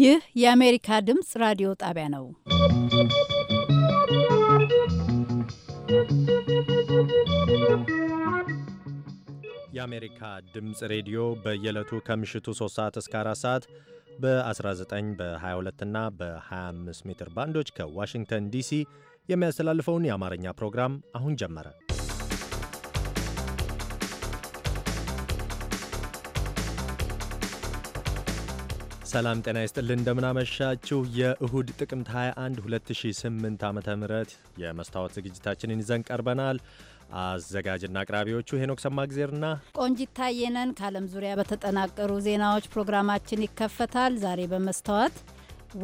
ይህ የአሜሪካ ድምፅ ራዲዮ ጣቢያ ነው። የአሜሪካ ድምፅ ሬዲዮ በየዕለቱ ከምሽቱ 3 ሰዓት እስከ 4 ሰዓት በ19 በ22 እና በ25 ሜትር ባንዶች ከዋሽንግተን ዲሲ የሚያስተላልፈውን የአማርኛ ፕሮግራም አሁን ጀመረ። ሰላም ጤና ይስጥልን እንደምናመሻችሁ። የእሁድ ጥቅምት 21 2008 ዓ ም የመስታወት ዝግጅታችንን ይዘን ቀርበናል። አዘጋጅና አቅራቢዎቹ ሄኖክ ሰማግዜርና ቆንጂት ታየነን። ከዓለም ዙሪያ በተጠናቀሩ ዜናዎች ፕሮግራማችን ይከፈታል። ዛሬ በመስታወት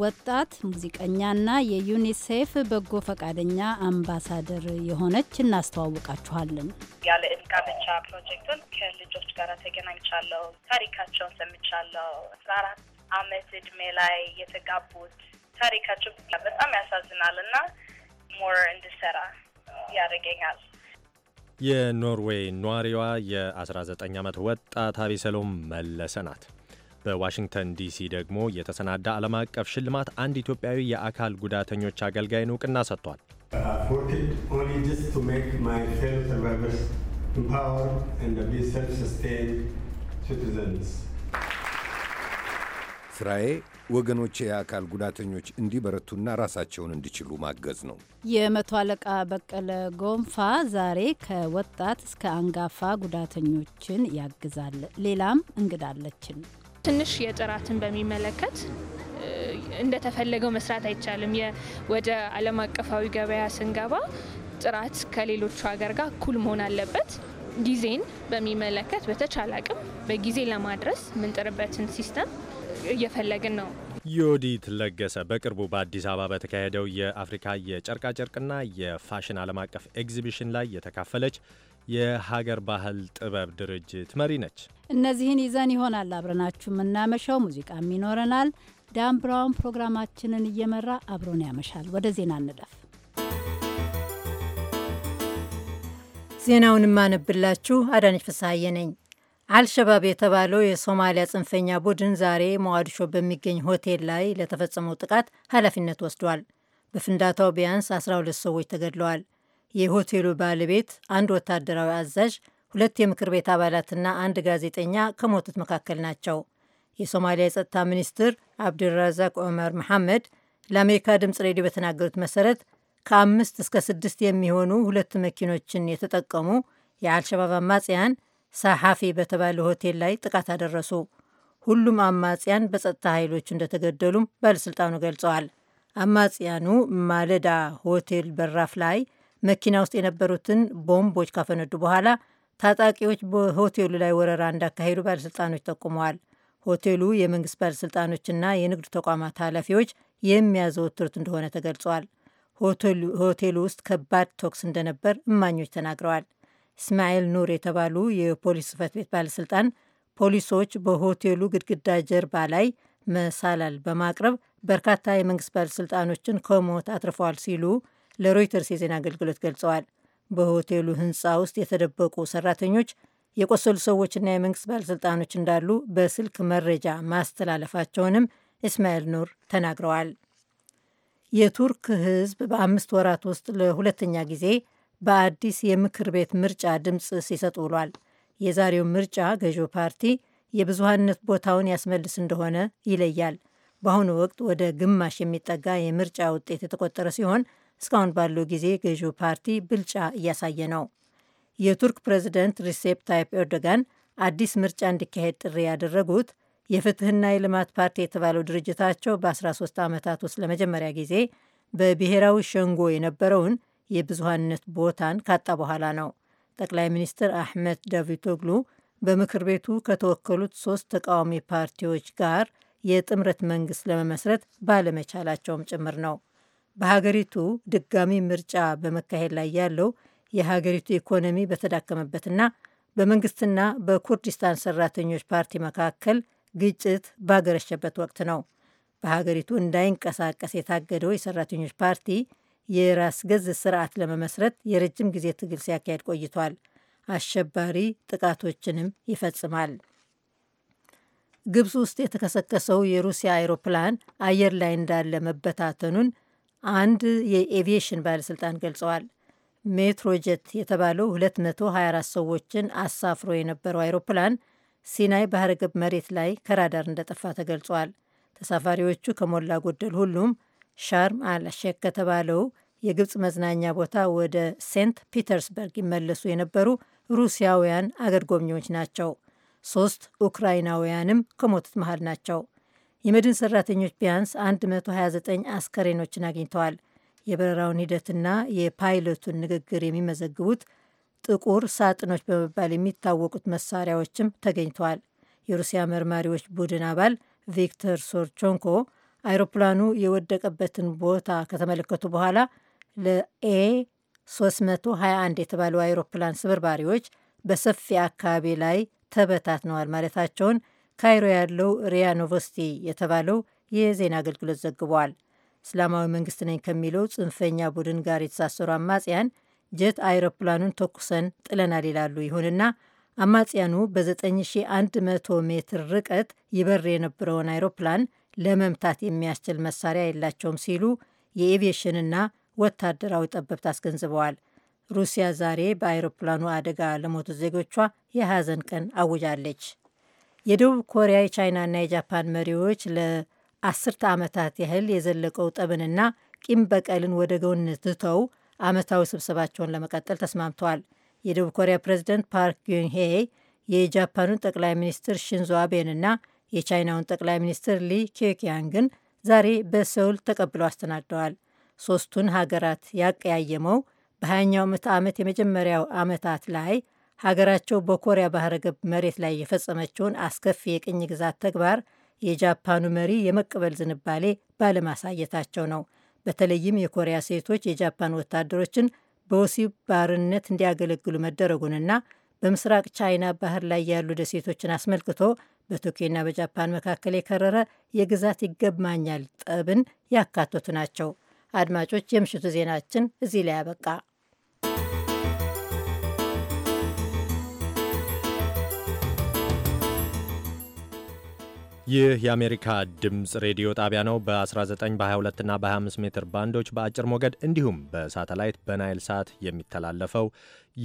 ወጣት ሙዚቀኛና የዩኒሴፍ በጎ ፈቃደኛ አምባሳደር የሆነች እናስተዋውቃችኋለን። ያለ እድሜ ብቻ ፕሮጀክቱን ከልጆች ጋር ተገናኝቻለሁ። ታሪካቸውን ሰምቻለሁ። አስራ አራት አመት እድሜ ላይ የተጋቡት ታሪካቸው በጣም ያሳዝናል እና ሞር እንድሰራ ያደርገኛል። የኖርዌይ ኗሪዋ የ19 ዓመት ወጣት አቤሰሎም መለሰ ናት። በዋሽንግተን ዲሲ ደግሞ የተሰናዳ ዓለም አቀፍ ሽልማት አንድ ኢትዮጵያዊ የአካል ጉዳተኞች አገልጋይን እውቅና ሰጥቷል። ስራዬ ወገኖች የአካል ጉዳተኞች እንዲበረቱና ራሳቸውን እንዲችሉ ማገዝ ነው። የመቶ አለቃ በቀለ ጎንፋ ዛሬ ከወጣት እስከ አንጋፋ ጉዳተኞችን ያግዛል። ሌላም እንግዳለችን። ትንሽ የጥራትን በሚመለከት እንደተፈለገው መስራት አይቻልም። ወደ ዓለም አቀፋዊ ገበያ ስንገባ ጥራት ከሌሎቹ ሀገር ጋር እኩል መሆን አለበት። ጊዜን በሚመለከት በተቻለ አቅም በጊዜ ለማድረስ የምንጥርበትን ሲስተም እየፈለግን ነው። ዮዲት ለገሰ በቅርቡ በአዲስ አበባ በተካሄደው የአፍሪካ የጨርቃጨርቅና የፋሽን ዓለም አቀፍ ኤግዚቢሽን ላይ የተካፈለች የሀገር ባህል ጥበብ ድርጅት መሪ ነች። እነዚህን ይዘን ይሆናል አብረናችሁ የምናመሻው፣ ሙዚቃም ይኖረናል። ዳን ብራውን ፕሮግራማችንን እየመራ አብሮን ያመሻል። ወደ ዜና እንለፍ። ዜናውን ማነብላችሁ አዳነች ፍስሐዬ ነኝ። አልሸባብ የተባለው የሶማሊያ ጽንፈኛ ቡድን ዛሬ ሞቃዲሾ በሚገኝ ሆቴል ላይ ለተፈጸመው ጥቃት ኃላፊነት ወስዷል። በፍንዳታው ቢያንስ 12 ሰዎች ተገድለዋል። የሆቴሉ ባለቤት፣ አንድ ወታደራዊ አዛዥ፣ ሁለት የምክር ቤት አባላትና አንድ ጋዜጠኛ ከሞቱት መካከል ናቸው። የሶማሊያ የጸጥታ ሚኒስትር አብድልራዛቅ ዑመር መሐመድ ለአሜሪካ ድምፅ ሬዲዮ በተናገሩት መሰረት ከአምስት እስከ ስድስት የሚሆኑ ሁለት መኪኖችን የተጠቀሙ የአልሸባብ አማጽያን ሳሓፊ በተባለ ሆቴል ላይ ጥቃት አደረሱ። ሁሉም አማጽያን በጸጥታ ኃይሎች እንደተገደሉም ባለሥልጣኑ ገልጸዋል። አማጽያኑ ማለዳ ሆቴል በራፍ ላይ መኪና ውስጥ የነበሩትን ቦምቦች ካፈነዱ በኋላ ታጣቂዎች በሆቴሉ ላይ ወረራ እንዳካሄዱ ባለሥልጣኖች ጠቁመዋል። ሆቴሉ የመንግሥት ባለሥልጣኖችና የንግድ ተቋማት ኃላፊዎች የሚያዘወትሩት እንደሆነ ተገልጿል። ሆቴሉ ውስጥ ከባድ ቶክስ እንደነበር እማኞች ተናግረዋል። እስማኤል ኑር የተባሉ የፖሊስ ጽፈት ቤት ባለሥልጣን ፖሊሶች በሆቴሉ ግድግዳ ጀርባ ላይ መሳላል በማቅረብ በርካታ የመንግስት ባለሥልጣኖችን ከሞት አትርፈዋል ሲሉ ለሮይተርስ የዜና አገልግሎት ገልጸዋል። በሆቴሉ ህንፃ ውስጥ የተደበቁ ሰራተኞች፣ የቆሰሉ ሰዎችና የመንግስት ባለሥልጣኖች እንዳሉ በስልክ መረጃ ማስተላለፋቸውንም እስማኤል ኑር ተናግረዋል። የቱርክ ህዝብ በአምስት ወራት ውስጥ ለሁለተኛ ጊዜ በአዲስ የምክር ቤት ምርጫ ድምፅ ሲሰጥ ውሏል። የዛሬው ምርጫ ገዢው ፓርቲ የብዙሃንነት ቦታውን ያስመልስ እንደሆነ ይለያል። በአሁኑ ወቅት ወደ ግማሽ የሚጠጋ የምርጫ ውጤት የተቆጠረ ሲሆን እስካሁን ባለው ጊዜ ገዢው ፓርቲ ብልጫ እያሳየ ነው። የቱርክ ፕሬዚደንት ሪሴፕ ታይፕ ኤርዶጋን አዲስ ምርጫ እንዲካሄድ ጥሪ ያደረጉት የፍትህና የልማት ፓርቲ የተባለው ድርጅታቸው በ13 ዓመታት ውስጥ ለመጀመሪያ ጊዜ በብሔራዊ ሸንጎ የነበረውን የብዙሀንነት ቦታን ካጣ በኋላ ነው። ጠቅላይ ሚኒስትር አሕመድ ዳቪቶግሉ በምክር ቤቱ ከተወከሉት ሶስት ተቃዋሚ ፓርቲዎች ጋር የጥምረት መንግስት ለመመስረት ባለመቻላቸውም ጭምር ነው። በሀገሪቱ ድጋሚ ምርጫ በመካሄድ ላይ ያለው የሀገሪቱ ኢኮኖሚ በተዳከመበትና በመንግስትና በኩርዲስታን ሰራተኞች ፓርቲ መካከል ግጭት ባገረሸበት ወቅት ነው። በሀገሪቱ እንዳይንቀሳቀስ የታገደው የሰራተኞች ፓርቲ የራስ ገዝ ስርዓት ለመመስረት የረጅም ጊዜ ትግል ሲያካሄድ ቆይቷል። አሸባሪ ጥቃቶችንም ይፈጽማል። ግብፅ ውስጥ የተከሰከሰው የሩሲያ አይሮፕላን አየር ላይ እንዳለ መበታተኑን አንድ የኤቪዬሽን ባለሥልጣን ገልጸዋል። ሜትሮጀት የተባለው 224 ሰዎችን አሳፍሮ የነበረው አይሮፕላን ሲናይ ባህረ ገብ መሬት ላይ ከራዳር እንደጠፋ ተገልጿል። ተሳፋሪዎቹ ከሞላ ጎደል ሁሉም ሻርም አልሼክ ከተባለው የግብፅ መዝናኛ ቦታ ወደ ሴንት ፒተርስበርግ ይመለሱ የነበሩ ሩሲያውያን አገር ጎብኚዎች ናቸው። ሶስት ኡክራይናውያንም ከሞቱት መሃል ናቸው። የመድን ሰራተኞች ቢያንስ 129 አስከሬኖችን አግኝተዋል። የበረራውን ሂደትና የፓይለቱን ንግግር የሚመዘግቡት ጥቁር ሳጥኖች በመባል የሚታወቁት መሳሪያዎችም ተገኝተዋል። የሩሲያ መርማሪዎች ቡድን አባል ቪክተር ሶርቾንኮ አይሮፕላኑ የወደቀበትን ቦታ ከተመለከቱ በኋላ ለኤ 321 የተባለው አይሮፕላን ስብርባሪዎች በሰፊ አካባቢ ላይ ተበታትነዋል ማለታቸውን ካይሮ ያለው ሪያ ኖቨስቲ የተባለው የዜና አገልግሎት ዘግቧል። እስላማዊ መንግስት ነኝ ከሚለው ጽንፈኛ ቡድን ጋር የተሳሰሩ አማጽያን ጀት አይሮፕላኑን ተኩሰን ጥለናል ይላሉ። ይሁንና አማጽያኑ በ9100 ሜትር ርቀት ይበር የነበረውን አይሮፕላን ለመምታት የሚያስችል መሳሪያ የላቸውም ሲሉ የኤቪዬሽንና ወታደራዊ ጠበብት አስገንዝበዋል። ሩሲያ ዛሬ በአይሮፕላኑ አደጋ ለሞቱ ዜጎቿ የሐዘን ቀን አውጃለች። የደቡብ ኮሪያ የቻይናና የጃፓን መሪዎች ለአስርተ ዓመታት ያህል የዘለቀው ጠብንና ቂም በቀልን ወደ ጎን ትተው ዓመታዊ ስብሰባቸውን ለመቀጠል ተስማምተዋል። የደቡብ ኮሪያ ፕሬዚደንት ፓርክ ጊንሄ የጃፓኑን ጠቅላይ ሚኒስትር ሽንዞ አቤንና የቻይናውን ጠቅላይ ሚኒስትር ሊ ኬኪያንግን ዛሬ በሰውል ተቀብለው አስተናግደዋል። ሶስቱን ሀገራት ያቀያየመው በሀያኛው ምዕተ ዓመት የመጀመሪያው ዓመታት ላይ ሀገራቸው በኮሪያ ባህረ ገብ መሬት ላይ የፈጸመችውን አስከፊ የቅኝ ግዛት ተግባር የጃፓኑ መሪ የመቀበል ዝንባሌ ባለማሳየታቸው ነው። በተለይም የኮሪያ ሴቶች የጃፓን ወታደሮችን በወሲብ ባርነት እንዲያገለግሉ መደረጉንና በምስራቅ ቻይና ባህር ላይ ያሉ ደሴቶችን አስመልክቶ በቶኪዮና በጃፓን መካከል የከረረ የግዛት ይገባኛል ጠብን ያካተቱ ናቸው። አድማጮች፣ የምሽቱ ዜናችን እዚህ ላይ ያበቃ። ይህ የአሜሪካ ድምፅ ሬዲዮ ጣቢያ ነው። በ19 በ22 እና በ25 ሜትር ባንዶች በአጭር ሞገድ እንዲሁም በሳተላይት በናይል ሳት የሚተላለፈው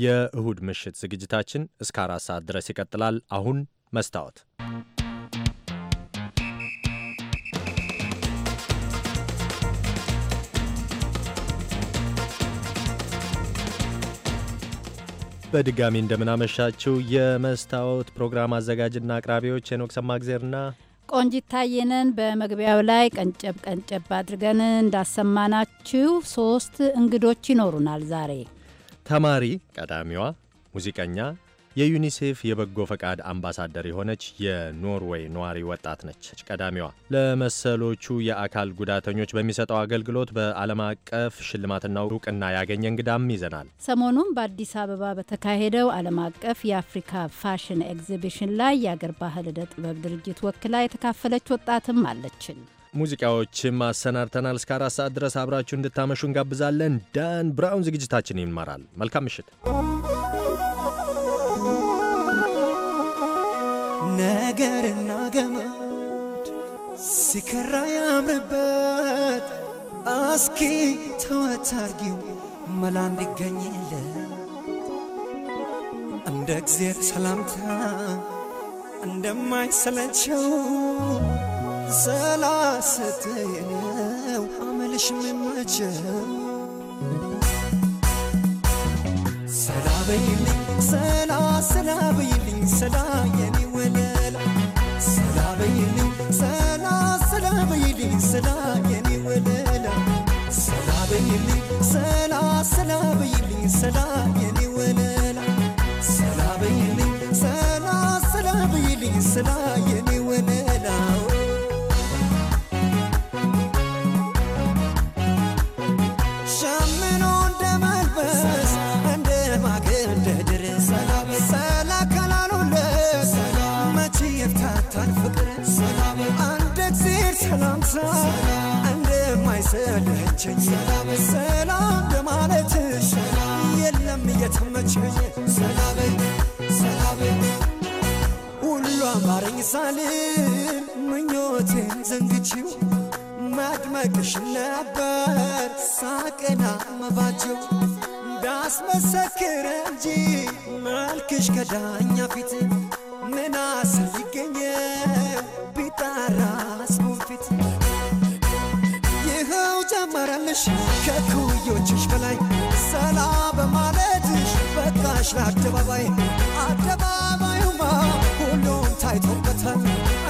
የእሁድ ምሽት ዝግጅታችን እስከ አራት ሰዓት ድረስ ይቀጥላል። አሁን መስታወት በድጋሚ እንደምናመሻችው የመስታወት ፕሮግራም አዘጋጅና አቅራቢዎች ሄኖክ ሰማግዜርና ቆንጂት ታየነን። በመግቢያው ላይ ቀንጨብ ቀንጨብ አድርገን እንዳሰማናችሁ ሶስት እንግዶች ይኖሩናል ዛሬ። ተማሪ ቀዳሚዋ ሙዚቀኛ የዩኒሴፍ የበጎ ፈቃድ አምባሳደር የሆነች የኖርዌይ ነዋሪ ወጣት ነች ቀዳሚዋ። ለመሰሎቹ የአካል ጉዳተኞች በሚሰጠው አገልግሎት በዓለም አቀፍ ሽልማትና እውቅና ያገኘ እንግዳም ይዘናል። ሰሞኑን በአዲስ አበባ በተካሄደው ዓለም አቀፍ የአፍሪካ ፋሽን ኤግዚቢሽን ላይ የአገር ባህል ዕደ ጥበብ ድርጅት ወክላ የተካፈለች ወጣትም አለችን። ሙዚቃዎችም አሰናድተናል። እስከ አራት ሰዓት ድረስ አብራችሁ እንድታመሹ እንጋብዛለን። ዳን ብራውን ዝግጅታችን ይማራል። መልካም ምሽት። ነገርና ገመድ ሲከራ ያምርበት አስኪ ተወታርጊው መላ እንዲገኝለት እንደ እግዜር ሰላምታ እንደማይሰለቸው አመልሽ ሰላ ሰላ የኔ ስላየን ወለላ ሰላ በይልኝ ሰላ ሰላ በይልኝ ስላየን ወለላ ሰላ በይልኝ ሰላ ሰላ በይልኝ ስላየ ሰላምሳ እንደማይሰለቸኝ ሰላም ለማለት የለም እየተመቸኝ ሰላም ሁሉ አማረኝ ሳልል ምኞቴን ዘንግቼው መድመቅሽ ነበር ሳቅና መባቸው ዳስመሰክር እንጂ መልክሽ ከዳኛ ፊት ምን አስር ይገኛል በመሆንሽ ከኩዮችሽ በላይ ሰላ በማለትሽ በቃሽ ለአደባባይ አደባባዩማ ሁሉም ታይቶበታል።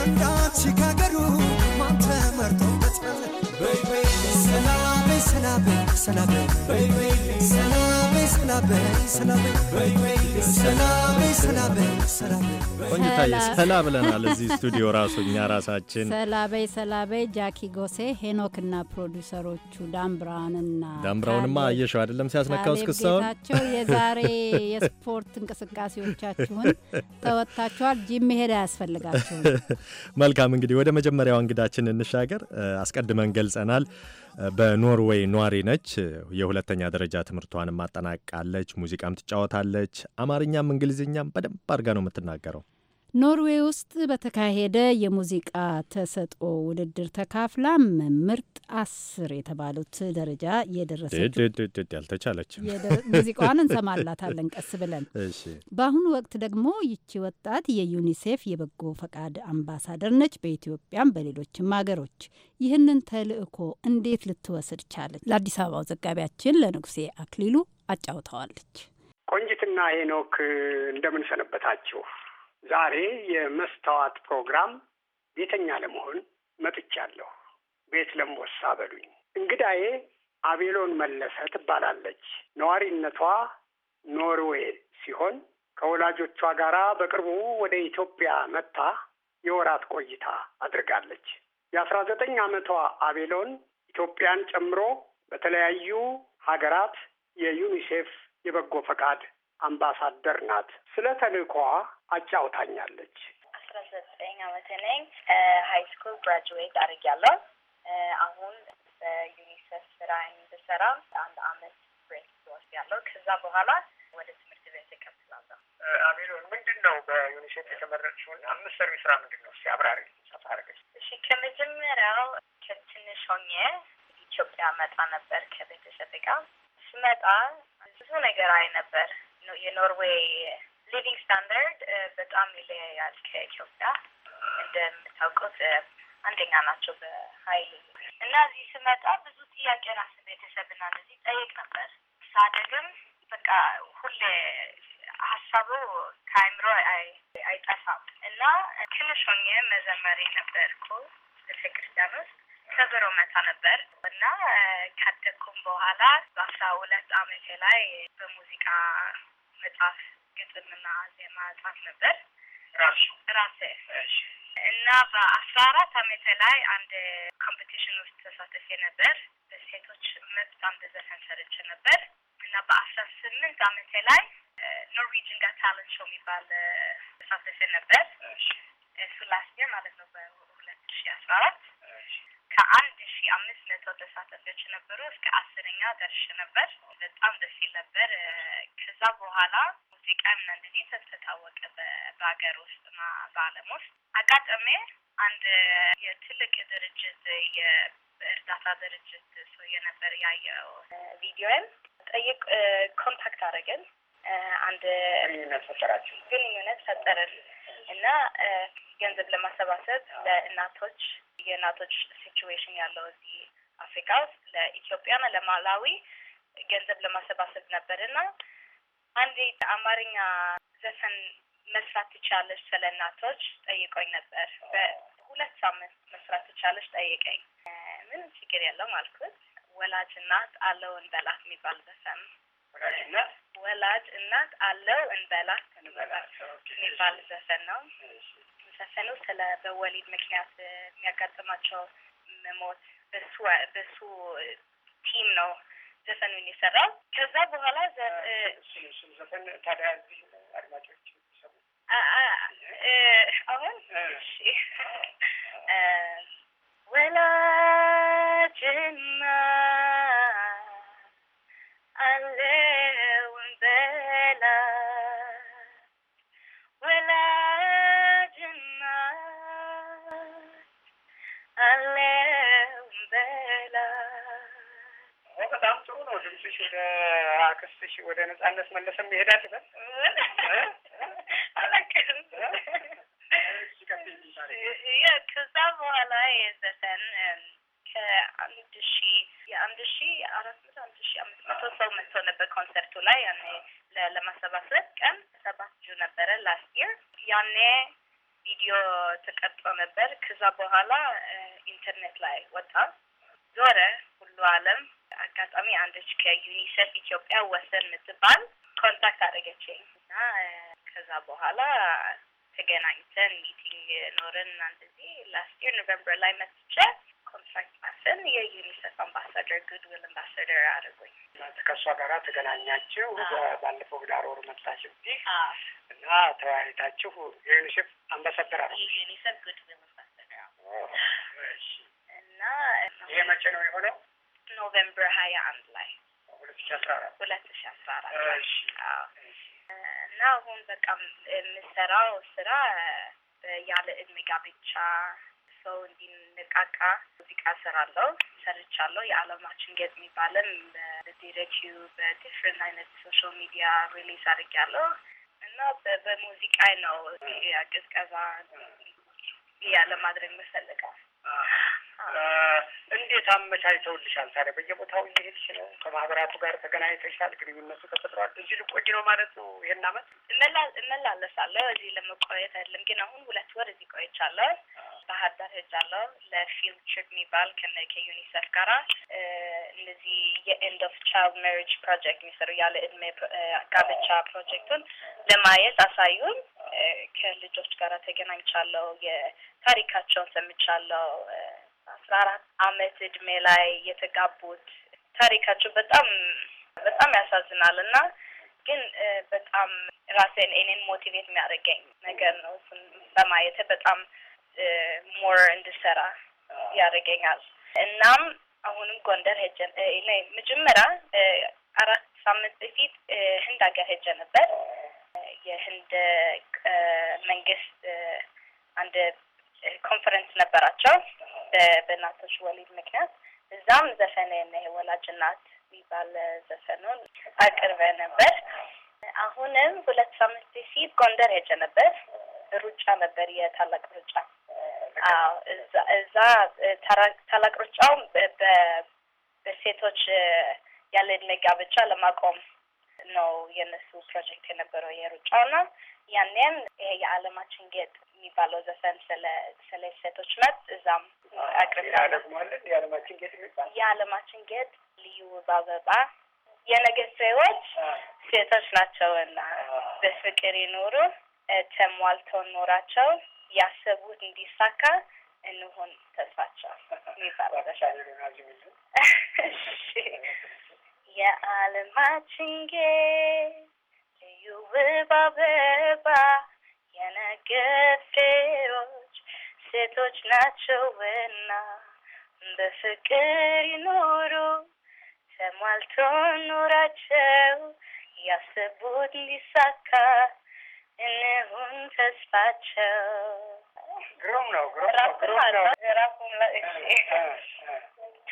እንዳንቺ ካገሩ ማን ሰላ ሰላ ሰላ ሰላ ቆንጅታዬ ሰላ ብለናል። እዚህ ስቱዲዮ ራሱ እኛ ራሳችን ሰላበይ ሰላበይ ጃኪ ጎሴ ሄኖክ ሄኖክና ፕሮዲውሰሮቹ ዳምብራውንና ዳምብራውንማ አየሸው አይደለም ሲያስነካው እስክሳቸው የዛሬ የስፖርት እንቅስቃሴዎቻችሁን ተወጥታችኋል። ጂም መሄድ አያስፈልጋችሁም። መልካም እንግዲህ ወደ መጀመሪያው እንግዳችን እንሻገር። አስቀድመን ገልጸናል። በኖርዌይ ኗሪ ነች። የሁለተኛ ደረጃ ትምህርቷንም አጠናቃለች። ሙዚቃም ትጫወታለች። አማርኛም እንግሊዝኛም በደንብ አድርጋ ነው የምትናገረው። ኖርዌይ ውስጥ በተካሄደ የሙዚቃ ተሰጥኦ ውድድር ተካፍላም ምርጥ አስር የተባሉት ደረጃ የደረሰች ያልተቻለች ሙዚቃዋን እንሰማላታለን ቀስ ብለን። በአሁኑ ወቅት ደግሞ ይቺ ወጣት የዩኒሴፍ የበጎ ፈቃድ አምባሳደር ነች፣ በኢትዮጵያም በሌሎችም ሀገሮች። ይህንን ተልእኮ እንዴት ልትወስድ ቻለች? ለአዲስ አበባው ዘጋቢያችን ለንጉሴ አክሊሉ አጫውተዋለች። ቆንጂትና ሄኖክ እንደምን ሰነበታችሁ? ዛሬ የመስተዋት ፕሮግራም ቤተኛ ለመሆን መጥቻለሁ። ቤት ለምቦሳ በሉኝ። እንግዳዬ አቤሎን መለሰ ትባላለች። ነዋሪነቷ ኖርዌይ ሲሆን ከወላጆቿ ጋር በቅርቡ ወደ ኢትዮጵያ መጥታ የወራት ቆይታ አድርጋለች። የአስራ ዘጠኝ ዓመቷ አቤሎን ኢትዮጵያን ጨምሮ በተለያዩ ሀገራት የዩኒሴፍ የበጎ ፈቃድ አምባሳደር ናት። ስለ ተልእኮዋ አጫውታኛለች። አስራ ዘጠኝ አመቴ ነኝ። ሀይ ስኩል ግራጁዌት አድርጊያለሁ። አሁን በዩኒሴፍ ስራ የምሰራ አንድ አመት ብሬክ ወስጃለሁ። ከዛ በኋላ ወደ ትምህርት ቤት እቀጥላለሁ። ምንድን ነው በዩኒሴፍ የተመረጥሽውን አምስት ሰሪ ስራ ምንድን ነው? አብራሪ ሰፋ አድርገሽ። እሺ ከመጀመሪያው ከትንሽ ሆኜ ኢትዮጵያ መጣ ነበር ከቤተሰብ ጋር ስመጣ ብዙ ነገር አይ ነበር የኖርዌይ ሊቪንግ ስታንዳርድ uh, በጣም ይለያያል ከኢትዮጵያ። እንደምታውቁት uh, አንደኛ ናቸው በሀይል እና እዚህ ስመጣ ብዙ ጥያቄ ራስ ቤተሰብና እንደዚህ ጠይቅ ነበር። ሳደግም በቃ ሁሌ ሀሳቡ ከአይምሮ አይጠፋም እና ትንሽ ሆኜ መዘመሪ ነበርኩ ቤተክርስቲያን ውስጥ ከበሮ መታ ነበር እና uh, ካደግኩም በኋላ በአስራ ሁለት አመቴ ላይ በሙዚቃ መጽሐፍ ግጥምና ዜማ እጻፍ ነበር ራሴ እና በአስራ አራት አመቴ ላይ አንድ ኮምፒቲሽን ውስጥ ተሳተፌ ነበር። በሴቶች መብት አንድ ዘፈን ሰርቼ ነበር እና በአስራ ስምንት አመቴ ላይ ኖርዌጅን ጋር ታለንት ሾው የሚባል ተሳተፌ ነበር። እሱ ላስዬ ማለት ነው በሁለት ሺ አስራ አራት ከአንድ ሺ አምስት መቶ ተሳታፊዎች ነበሩ። እስከ አስረኛ ደርሼ ነበር። በጣም ደስ ይል ነበር። ከዛ በኋላ ሙዚቃም ነንድኒ ተስተታወቀ በሀገር ውስጥ በአለም ውስጥ አጋጠሜ አንድ የትልቅ ድርጅት የእርዳታ ድርጅት ሰው የነበር ያየው ቪዲዮን ጠይቅ ኮንታክት አደረገን። አንድ ግንኙነት ፈጠራችሁ ግንኙነት ፈጠርን እና ገንዘብ ለማሰባሰብ ለእናቶች የእናቶች ሲትዌሽን ያለው እዚህ አፍሪካ ውስጥ ና ለማላዊ ገንዘብ ለማሰባሰብ ና አንዲት አማርኛ ዘፈን መስራት ትቻለች ስለ እናቶች ጠይቆኝ ነበር። በሁለት ሳምንት መስራት ትቻለች ጠይቀኝ። ምን ችግር የለውም አልኩት። ወላጅ እናት አለው እንበላት የሚባል ዘፈን ወላጅ እናት አለው እንበላት የሚባል ዘፈን ነው። ዘፈኑ ስለ በወሊድ ምክንያት የሚያጋጥማቸው መሞት በሱ በሱ ቲም ነው ዘፈኑን የሰራው። ከዛ በኋላ እሱን ዘፈን ታዲያ እዚህ አድማጮች ሰሙ። አሁን እሺ ወላጅና አለ ልጅሽ ወደ አክስትሽ ወደ ነጻነት መለሰ ይሄዳል ይበል አላውቅም። ከዛ በኋላ የዘፈን ከአንድ ሺ የአንድ ሺ አራት መቶ አንድ ሺ አምስት መቶ ሰው መጥቶ ነበር ኮንሰርቱ ላይ ያኔ ለማሰባሰብ ቀን ሰባት ነበረ ላስት የር ያኔ ቪዲዮ ተቀርጦ ነበር። ከዛ በኋላ ኢንተርኔት ላይ ወጣ ዞረ ሁሉ አለም አንደች ከዩኒሴፍ ኢትዮጵያ ወሰን የምትባል ኮንታክት አደረገችኝ እና ከዛ በኋላ ተገናኝተን ሚቲንግ ኖርን። አንድ ጊዜ ላስት የር ኖቨምበር ላይ መጥቼ ኮንትራክት ማሰን የዩኒሴፍ አምባሳደር ጉድዊል አምባሳደር አድርጎኝ ከእሷ ጋራ ተገናኛችሁ። ባለፈው ህዳር ወር መጣችሁ እዚህ እና ተወያይታችሁ የዩኒሴፍ አምባሳደር አለ የዩኒሴፍ ጉድዊል አምባሳደር እና ይሄ መቼ ነው የሆነው? ኖቨምበር ሀያ አንድ ይባላል እና አሁን በቃ የምሰራው ስራ ያለ እድሜ ጋብቻ ሰው እንዲነቃቃ ሙዚቃ ስራለው ሰርቻለሁ። የአለማችን ጌጥ የሚባለም በዲሬክቲቭ በዲፍረንት አይነት ሶሻል ሚዲያ ሪሊዝ አድርጊያለሁ እና በሙዚቃ ነው ቅዝቀዛ ማድረግ መፈለጋል። እንዴት አመቻችተውልሻል ታዲያ? በየቦታው እየሄድሽ ነው፣ ከማህበራቱ ጋር ተገናኝተሻል፣ ግንኙነቱ ተፈጥሯል። እዚህ ልቆይ ነው ማለት ነው? ይሄን አመት እመላለሳለሁ። እዚህ ለመቆየት አይደለም ግን አሁን ሁለት ወር እዚህ ቆይቻለሁ። ባህር ዳር ሄጃለሁ ለፊልም ትሪፕ የሚባል ከነ ከዩኒሴፍ ጋራ እነዚህ የኤንድ ኦፍ ቻይልድ ማሪጅ ፕሮጀክት የሚሰሩ ያለ እድሜ ጋብቻ ፕሮጀክቱን ለማየት አሳዩን። ከልጆች ጋራ ተገናኝቻለሁ። የታሪካቸውን ሰምቻለሁ። አስራ አራት አመት እድሜ ላይ የተጋቡት ታሪካቸው በጣም በጣም ያሳዝናል እና ግን በጣም ራሴን እኔን ሞቲቬት የሚያደርገኝ ነገር ነው። እሱን በማየት በጣም ሞር እንድሰራ ያደርገኛል። እናም አሁንም ጎንደር ሄጀ መጀመሪያ አራት ሳምንት በፊት ህንድ ሀገር ሄጀ ነበር። የህንድ መንግስት አንድ ኮንፈረንስ ነበራቸው በእናቶች ወሊድ ምክንያት እዛም ዘፈነ የወላጅ እናት የሚባል ዘፈኑን አቅርበ ነበር። አሁንም ሁለት ሳምንት ሲት ጎንደር ሄጀ ነበር። ሩጫ ነበር፣ የታላቅ ሩጫ አዎ እዛ ታላቅ ሩጫው በሴቶች ያለ ዕድሜ ጋብቻ ለማቆም ነው የነሱ ፕሮጀክት የነበረው የሩጫ እና ያንን ይሄ የዓለማችን ጌጥ የሚባለው ዘፈን ስለ ስለ ሴቶች መብት እዛም አቅርቤያለሁ። የዓለማችን ጌጥ የሚባል የዓለማችን ጌጥ ልዩ ውብ አበባ የነገ ሰዎች ሴቶች ናቸው እና በፍቅር ይኖሩ ተሟልተው ኖራቸው ያሰቡት እንዲሳካ እንሆን ተስፋቸው የሚባል ዘፈን የዓለማችን ጌጥ ውብ አበባ የነገሴዎች ሴቶች ናቸውና በፍቅር ይኖሩ ተሟልቶ ኑራቸው ያሰቡት እንዲሳካ እንሁን ተስፋቸው። ግሩም ነው።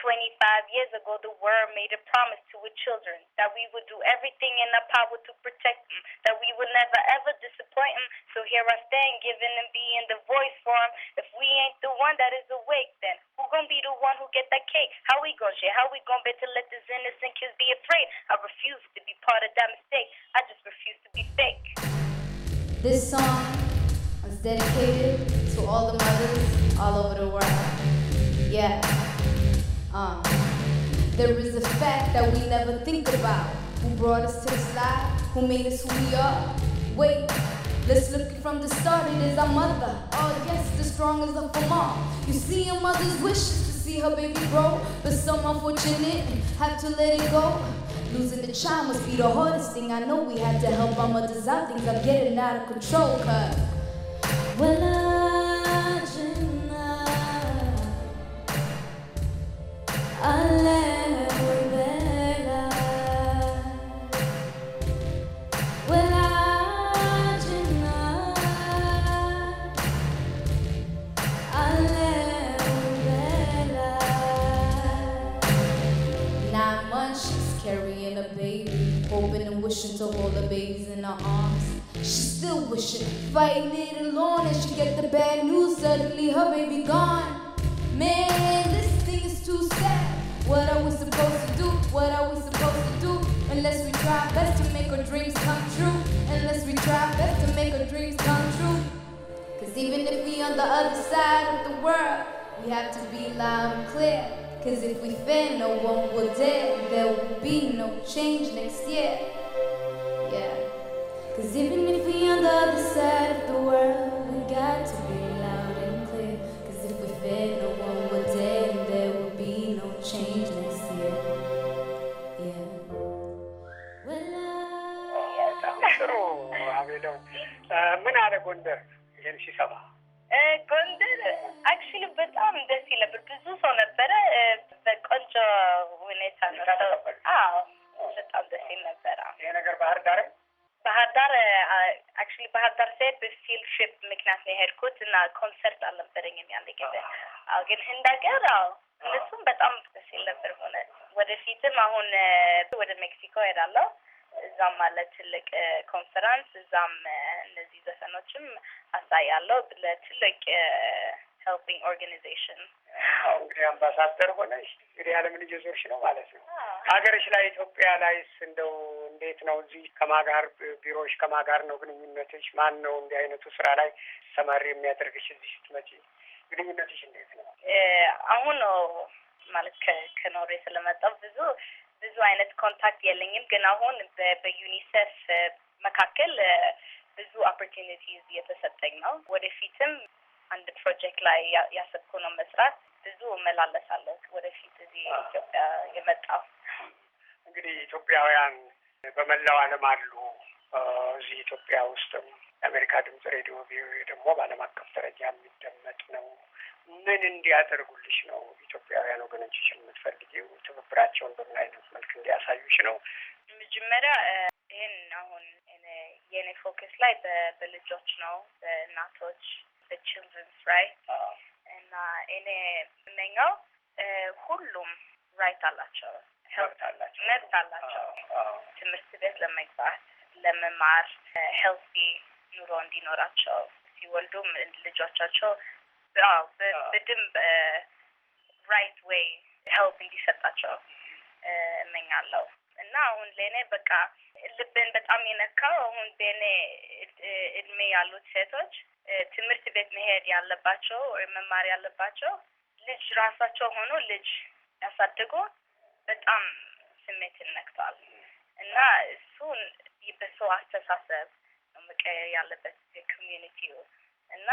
25 years ago, the world made a promise to its children that we would do everything in our power to protect them, that we would never ever disappoint them. So here I stand, giving and being the voice for them. If we ain't the one that is awake, then who gonna be the one who get that cake? How we gonna share? How we gonna be to let these innocent kids be afraid? I refuse to be part of that mistake. I just refuse to be fake. This song is dedicated to all the mothers all over the world. Yeah. Uh, there is a fact that we never think about. Who brought us to this life? Who made us who we are? Wait, let's look from the start. It is our mother. Oh yes, the strongest of them all. You see, a mother's wishes to see her baby grow, but some unfortunate have to let it go. Losing the child must be the hardest thing. I know we had to help our mothers out. Things are getting out of control, cause when I carrying a baby, hoping and wishing to hold the babies in her arms. She's still wishing, fighting it alone, and she get the bad news. Suddenly her baby gone. Man, this thing. What are we supposed to do? What are we supposed to do? Unless we try best to make our dreams come true. Unless we try best to make our dreams come true. Cause even if we on the other side of the world, we have to be loud and clear. Cause if we fail, no one will dare. There will be no change next year. Yeah. Cause even if we on the other side ምን አለ ጎንደር ይህን ሲሰማ? ጎንደር አክቹዋሊ በጣም ደስ ይል ነበር። ብዙ ሰው ነበረ። በቆንጆ ሁኔታ ነው። አዎ በጣም ደስ ይል ነበረ። ይሄ ነገር ባህር ዳር ባህር ዳር አክቹዋሊ ባህር ዳር ስሄድ በፊልድ ሽፕ ምክንያት ነው የሄድኩት እና ኮንሰርት አልነበረኝም ያለ ጊዜ። ግን ህንዳገር አዎ እነሱም በጣም ደስ ይል ነበር። ሆነ ወደፊትም አሁን ወደ ሜክሲኮ ሄዳለሁ እዛም አለ ትልቅ ኮንፈረንስ እዛም እነዚህ ዘፈኖችም አሳያለሁ ለትልቅ ሄልፒንግ ኦርጋኒዜሽን። እንግዲህ አምባሳደር ሆነሽ እንግዲህ ዓለምን እየዞርሽ ነው ማለት ነው። ሀገርሽ ላይ ኢትዮጵያ ላይስ እንደው እንዴት ነው? እዚህ ከማጋር ቢሮዎች ከማጋር ነው ግንኙነትሽ? ማን ነው እንዲህ አይነቱ ስራ ላይ ተማሪ የሚያደርግሽ? እዚህ ስትመጪ ግንኙነትሽ እንዴት ነው? አሁን ማለት ከኖሬ ስለመጣሁ ብዙ ብዙ አይነት ኮንታክት የለኝም፣ ግን አሁን በዩኒሴፍ መካከል ብዙ ኦፖርቹኒቲዝ እየተሰጠኝ ነው። ወደፊትም አንድ ፕሮጀክት ላይ ያሰብኩ ነው መስራት። ብዙ እመላለሳለሁ ወደፊት እዚህ ኢትዮጵያ የመጣው እንግዲህ ኢትዮጵያውያን በመላው ዓለም አሉ። እዚህ ኢትዮጵያ ውስጥም የአሜሪካ ድምጽ ሬዲዮ ቪኦኤ ደግሞ በዓለም አቀፍ ደረጃ የሚደመጥ ነው። ምን እንዲያደርጉልሽ ነው ኢትዮጵያውያን ወገኖችሽን የምትፈልጊው? ትብብራቸውን በምን አይነት መልክ እንዲያሳዩሽ ነው? መጀመሪያ ይህን አሁን የኔ ፎከስ ላይ በልጆች ነው፣ በእናቶች በችልድረንስ ራይት እና እኔ የምመኘው ሁሉም ራይት አላቸው፣ መብት አላቸው፣ ትምህርት ቤት ለመግባት ለመማር ሄልቲ ኑሮ እንዲኖራቸው ሲወልዱም ልጆቻቸው ብድም ራይት ዌይ ሄልፕ እንዲሰጣቸው እመኛለው እና አሁን ለእኔ በቃ ልብን በጣም የነካው አሁን በእኔ እድሜ ያሉት ሴቶች ትምህርት ቤት መሄድ ያለባቸው መማር ያለባቸው ልጅ ራሳቸው ሆኖ ልጅ ያሳድጉ በጣም ስሜት ይነክቷል እና እሱን በሰው አስተሳሰብ መቀየር ያለበት ኮሚዩኒቲው እና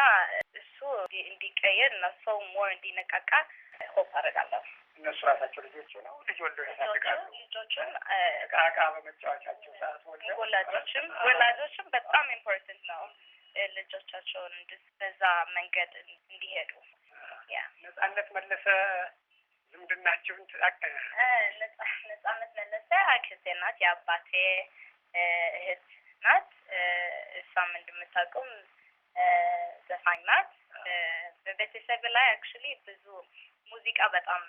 እሱ እንዲቀየር እና ሰው ሞር እንዲነቃቃ ሆፕ አደርጋለሁ። እነሱ ራሳቸው ልጆች ነው ልጅ ወልዶ ያሳድጋሉ። ልጆቹም ቃቃ በመጫወቻቸው ሰዓት ወልደው ወላጆችም ወላጆችም በጣም ኢምፖርተንት ነው ልጆቻቸውን በዛ መንገድ እንዲሄዱ። ነጻነት መለሰ ዝምድናችሁን ትጣቀ ነጻነት መለሰ አክስቴ ናት የአባቴ እህት ናት። እሷም እንደምታውቀውም ዘፋኝ ናት። በቤተሰብ ላይ አክቹሊ ብዙ ሙዚቃ በጣም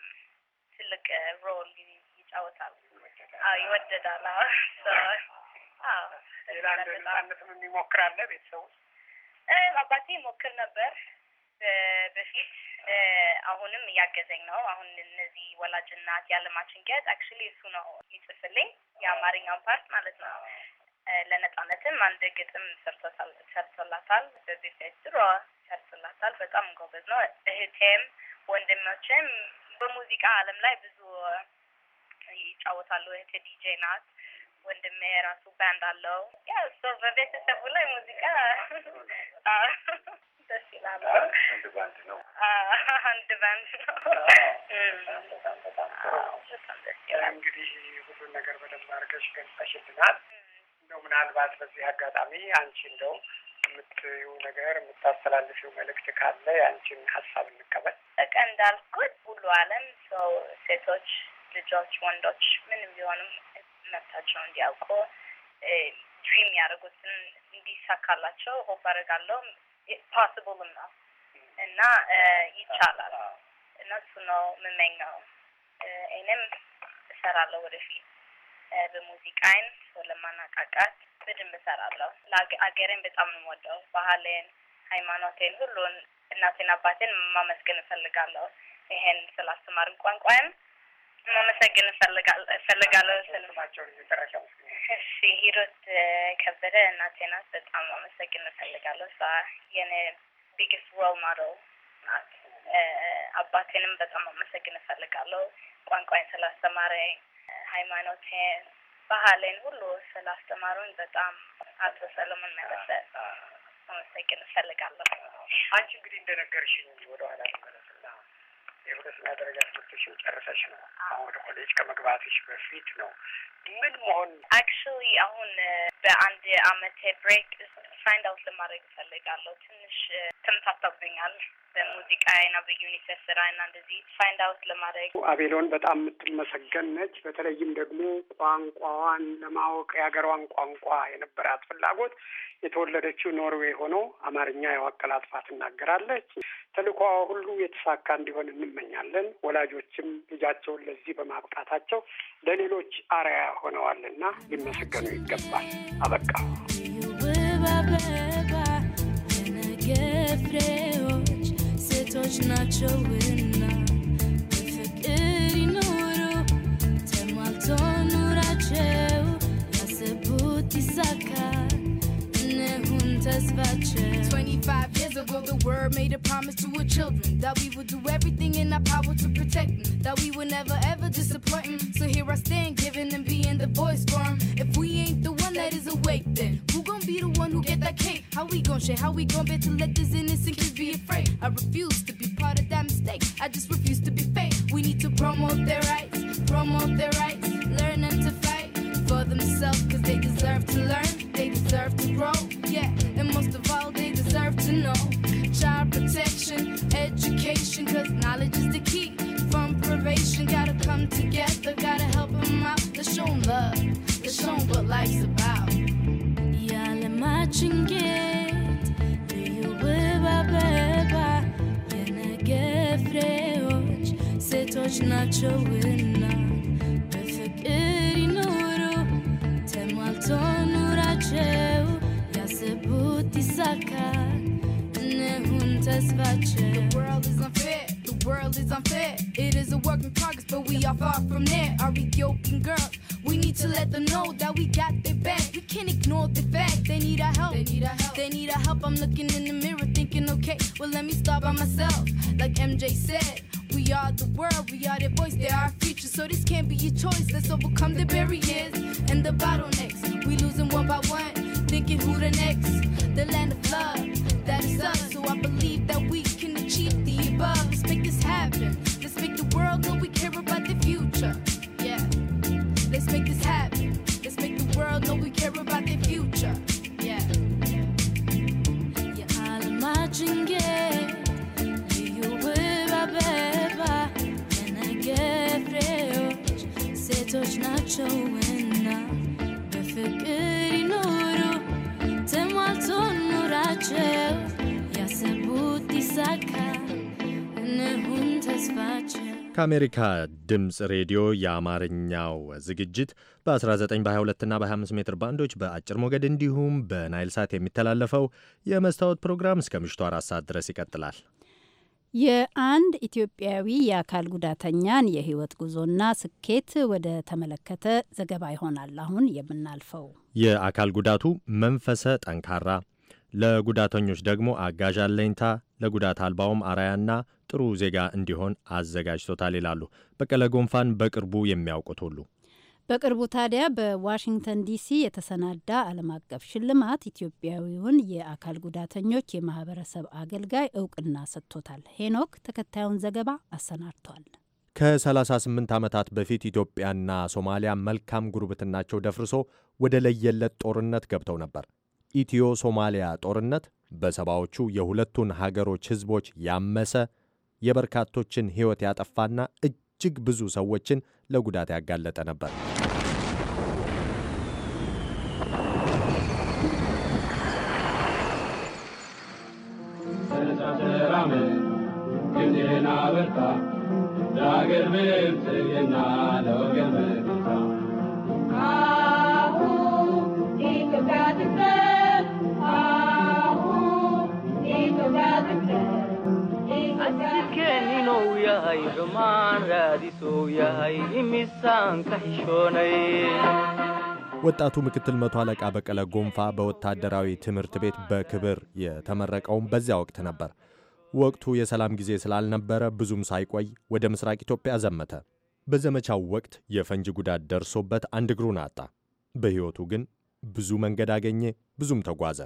ትልቅ ሮል ይጫወታል። ይወደዳል። ነትም ይሞክራለ ቤተሰቡ አባቴ ይሞክር ነበር በፊት አሁንም እያገዘኝ ነው። አሁን እነዚህ ወላጅናት እናት ያለማችን ጌጥ አክቹዋሊ እሱ ነው ይጽፍልኝ የአማርኛውን ፓርት ማለት ነው። ለነጻነትም አንድ ግጥም ሰርቶላታል። በዚህ ፌስትሮ ሰርቶላታል። በጣም ጎበዝ ነው። እህቴም ወንድሞችም በሙዚቃ አለም ላይ ብዙ ይጫወታሉ። እህቴ ዲጄ ናት። ወንድሜ የራሱ ባንድ አለው። ያ እሱ በቤተሰቡ ላይ ሙዚቃ ደስ ይላል። አንድ ባንድ ነው። አንድ ባንድ ነው። ይላል። እንግዲህ ሁሉን ነገር በደንብ አድርገሽ ገልጸሽልናል። ነው። ምናልባት በዚህ አጋጣሚ አንቺ እንደው የምትዩ ነገር የምታስተላልፊው መልእክት ካለ የአንቺን ሀሳብ እንቀበል። በቃ እንዳልኩት ሁሉ ዓለም ሰው ሴቶች፣ ልጆች፣ ወንዶች ምንም ቢሆንም መብታቸው እንዲያውቁ ድሪም ያደርጉትን እንዲሳካላቸው ሆፕ አደርጋለሁ። ፓስብልም ነው እና ይቻላል። እነሱ ነው የምመኘው። እኔም እሰራለሁ ወደፊት በሙዚቃይን ሰው ለማናቃቃት በደንብ እሰራለሁ። አገሬን በጣም ነው የምወደው። ባህሌን፣ ሃይማኖቴን፣ ሁሉን እናቴን አባቴን ማመስገን እፈልጋለሁ። ይሄን ስላስተማርን ቋንቋይም ማመሰግን እፈልጋለሁ። እሺ፣ ሂሮት ከበደ እናቴ ናት። በጣም ማመሰግን እፈልጋለሁ። እሷ የኔ ቢግስት ሮል ሞዴል ናት። አባቴንም በጣም ማመሰግን እፈልጋለሁ ቋንቋይን ስላስተማረኝ ሃይማኖቴን፣ ባህሌን ሁሉ ስላስተማሩኝ በጣም አቶ ሰለሞን መለሰ አመሰግን እፈልጋለሁ። አንቺ እንግዲህ እንደነገርሽኝ ወደኋላ የሁለተኛ ደረጃ ትምህርቶችን ጨርሰሽ ነው አሁን ወደ ኮሌጅ ከመግባትሽ በፊት ነው ምን መሆን? አክቹዋሊ አሁን በአንድ አመት ብሬክ ፋይንድ አውት ለማድረግ እፈልጋለሁ። ትንሽ ተመታታብኛል በሙዚቃ እና በዩኒሴፍ ስራ እና እንደዚህ ፋይንድ አውት ለማድረግ። አቤሎን በጣም የምትመሰገን ነች። በተለይም ደግሞ ቋንቋዋን ለማወቅ የሀገሯን ቋንቋ የነበራት ፍላጎት የተወለደችው ኖርዌይ ሆኖ አማርኛ የዋቀል አጥፋ ትናገራለች። ተልእኮዋ ሁሉ የተሳካ እንዲሆን እንመኛለን። ወላጆችም ልጃቸውን ለዚህ በማብቃታቸው ለሌሎች አርአያ ሆነዋልና ሊመሰገኑ ይገባል። አበቃ። ፍሬዎች ሴቶች ናቸውና ፍቅር ይኖሩ ተሟልቶ ኑራቸው ያሰቡት ይሳካ እነሆን ተስፋቸው Five years ago, the world made a promise to her children that we would do everything in our power to protect them, that we would never ever disappoint them. So here I stand, giving and being the voice for them. If we ain't the one that is awake, then who gonna be the one who get that cake? How we gonna share? How we gonna bear to let these innocent kids be afraid? I refuse to be part of that mistake. I just refuse to be fake. We need to promote their rights, promote their rights, learn them to fight for themselves, cause they deserve to learn, they deserve to grow, yeah, and most of all, to know. Child protection, education, cause knowledge is the key. From privation, gotta come together, gotta help them out. Let's show them love, let's show them what life's about. Yale machinget, liu beba beba, yene gefreoch, setoch nacho winna. በፍቅር ይኖሩ ተሟልቶ ኑራቸው ያሰቡት ይሳካል። the world is unfair. The world is unfair. It is a work in progress, but we are far from there. Our yoking girls, we need to let them know that we got their back. We can't ignore the fact they need our help. They need our help. They need our help. I'm looking in the mirror, thinking, okay, well let me start by myself. Like MJ said. We are the world, we are their voice, they are our future. So this can't be your choice. Let's overcome the barriers and the bottlenecks. We losing one by one, thinking who the next. The land of love ናቸውና በፍቅር ይኖሩ ተሟልቶ ኑራቸው ያሰቡት ይሳካ እንሁን ተስፋቸው። ከአሜሪካ ድምፅ ሬዲዮ የአማርኛው ዝግጅት በ19 በ22 እና በ25 ሜትር ባንዶች በአጭር ሞገድ እንዲሁም በናይል ሳት የሚተላለፈው የመስታወት ፕሮግራም እስከ ምሽቱ አራት ሰዓት ድረስ ይቀጥላል። የአንድ ኢትዮጵያዊ የአካል ጉዳተኛን የህይወት ጉዞና ስኬት ወደ ተመለከተ ዘገባ ይሆናል አሁን የምናልፈው። የአካል ጉዳቱ መንፈሰ ጠንካራ፣ ለጉዳተኞች ደግሞ አጋዥ አለኝታ፣ ለጉዳት አልባውም አራያና ጥሩ ዜጋ እንዲሆን አዘጋጅቶታል ይላሉ በቀለ ጎንፋን በቅርቡ የሚያውቁት ሁሉ። በቅርቡ ታዲያ በዋሽንግተን ዲሲ የተሰናዳ ዓለም አቀፍ ሽልማት ኢትዮጵያዊውን የአካል ጉዳተኞች የማህበረሰብ አገልጋይ እውቅና ሰጥቶታል። ሄኖክ ተከታዩን ዘገባ አሰናድቷል። ከ38 ዓመታት በፊት ኢትዮጵያና ሶማሊያ መልካም ጉርብትናቸው ደፍርሶ ወደ ለየለት ጦርነት ገብተው ነበር። ኢትዮ ሶማሊያ ጦርነት በሰባዎቹ የሁለቱን ሀገሮች ሕዝቦች ያመሰ የበርካቶችን ሕይወት ያጠፋና እጅግ ብዙ ሰዎችን ለጉዳት ያጋለጠ ነበር። አበርታ ለአገር ብልጽግና ለወገን ወጣቱ ምክትል መቶ አለቃ በቀለ ጎንፋ በወታደራዊ ትምህርት ቤት በክብር የተመረቀውም በዚያ ወቅት ነበር። ወቅቱ የሰላም ጊዜ ስላልነበረ ብዙም ሳይቆይ ወደ ምስራቅ ኢትዮጵያ ዘመተ። በዘመቻው ወቅት የፈንጅ ጉዳት ደርሶበት አንድ እግሩን አጣ። በሕይወቱ ግን ብዙ መንገድ አገኘ፣ ብዙም ተጓዘ።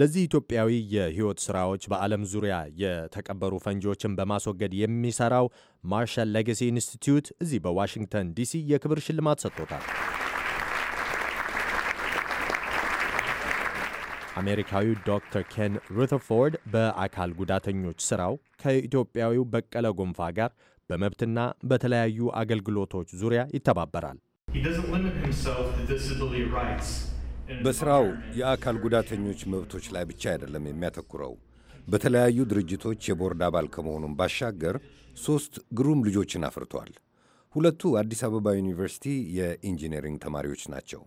ለዚህ ኢትዮጵያዊ የሕይወት ሥራዎች በዓለም ዙሪያ የተቀበሩ ፈንጂዎችን በማስወገድ የሚሠራው ማርሻል ሌጋሲ ኢንስቲትዩት እዚህ በዋሽንግተን ዲሲ የክብር ሽልማት ሰጥቶታል። አሜሪካዊው ዶክተር ኬን ሩተርፎርድ በአካል ጉዳተኞች ሥራው ከኢትዮጵያዊው በቀለ ጎንፋ ጋር በመብትና በተለያዩ አገልግሎቶች ዙሪያ ይተባበራል። በሥራው የአካል ጉዳተኞች መብቶች ላይ ብቻ አይደለም የሚያተኩረው። በተለያዩ ድርጅቶች የቦርድ አባል ከመሆኑም ባሻገር ሦስት ግሩም ልጆችን አፍርቷል። ሁለቱ አዲስ አበባ ዩኒቨርሲቲ የኢንጂነሪንግ ተማሪዎች ናቸው።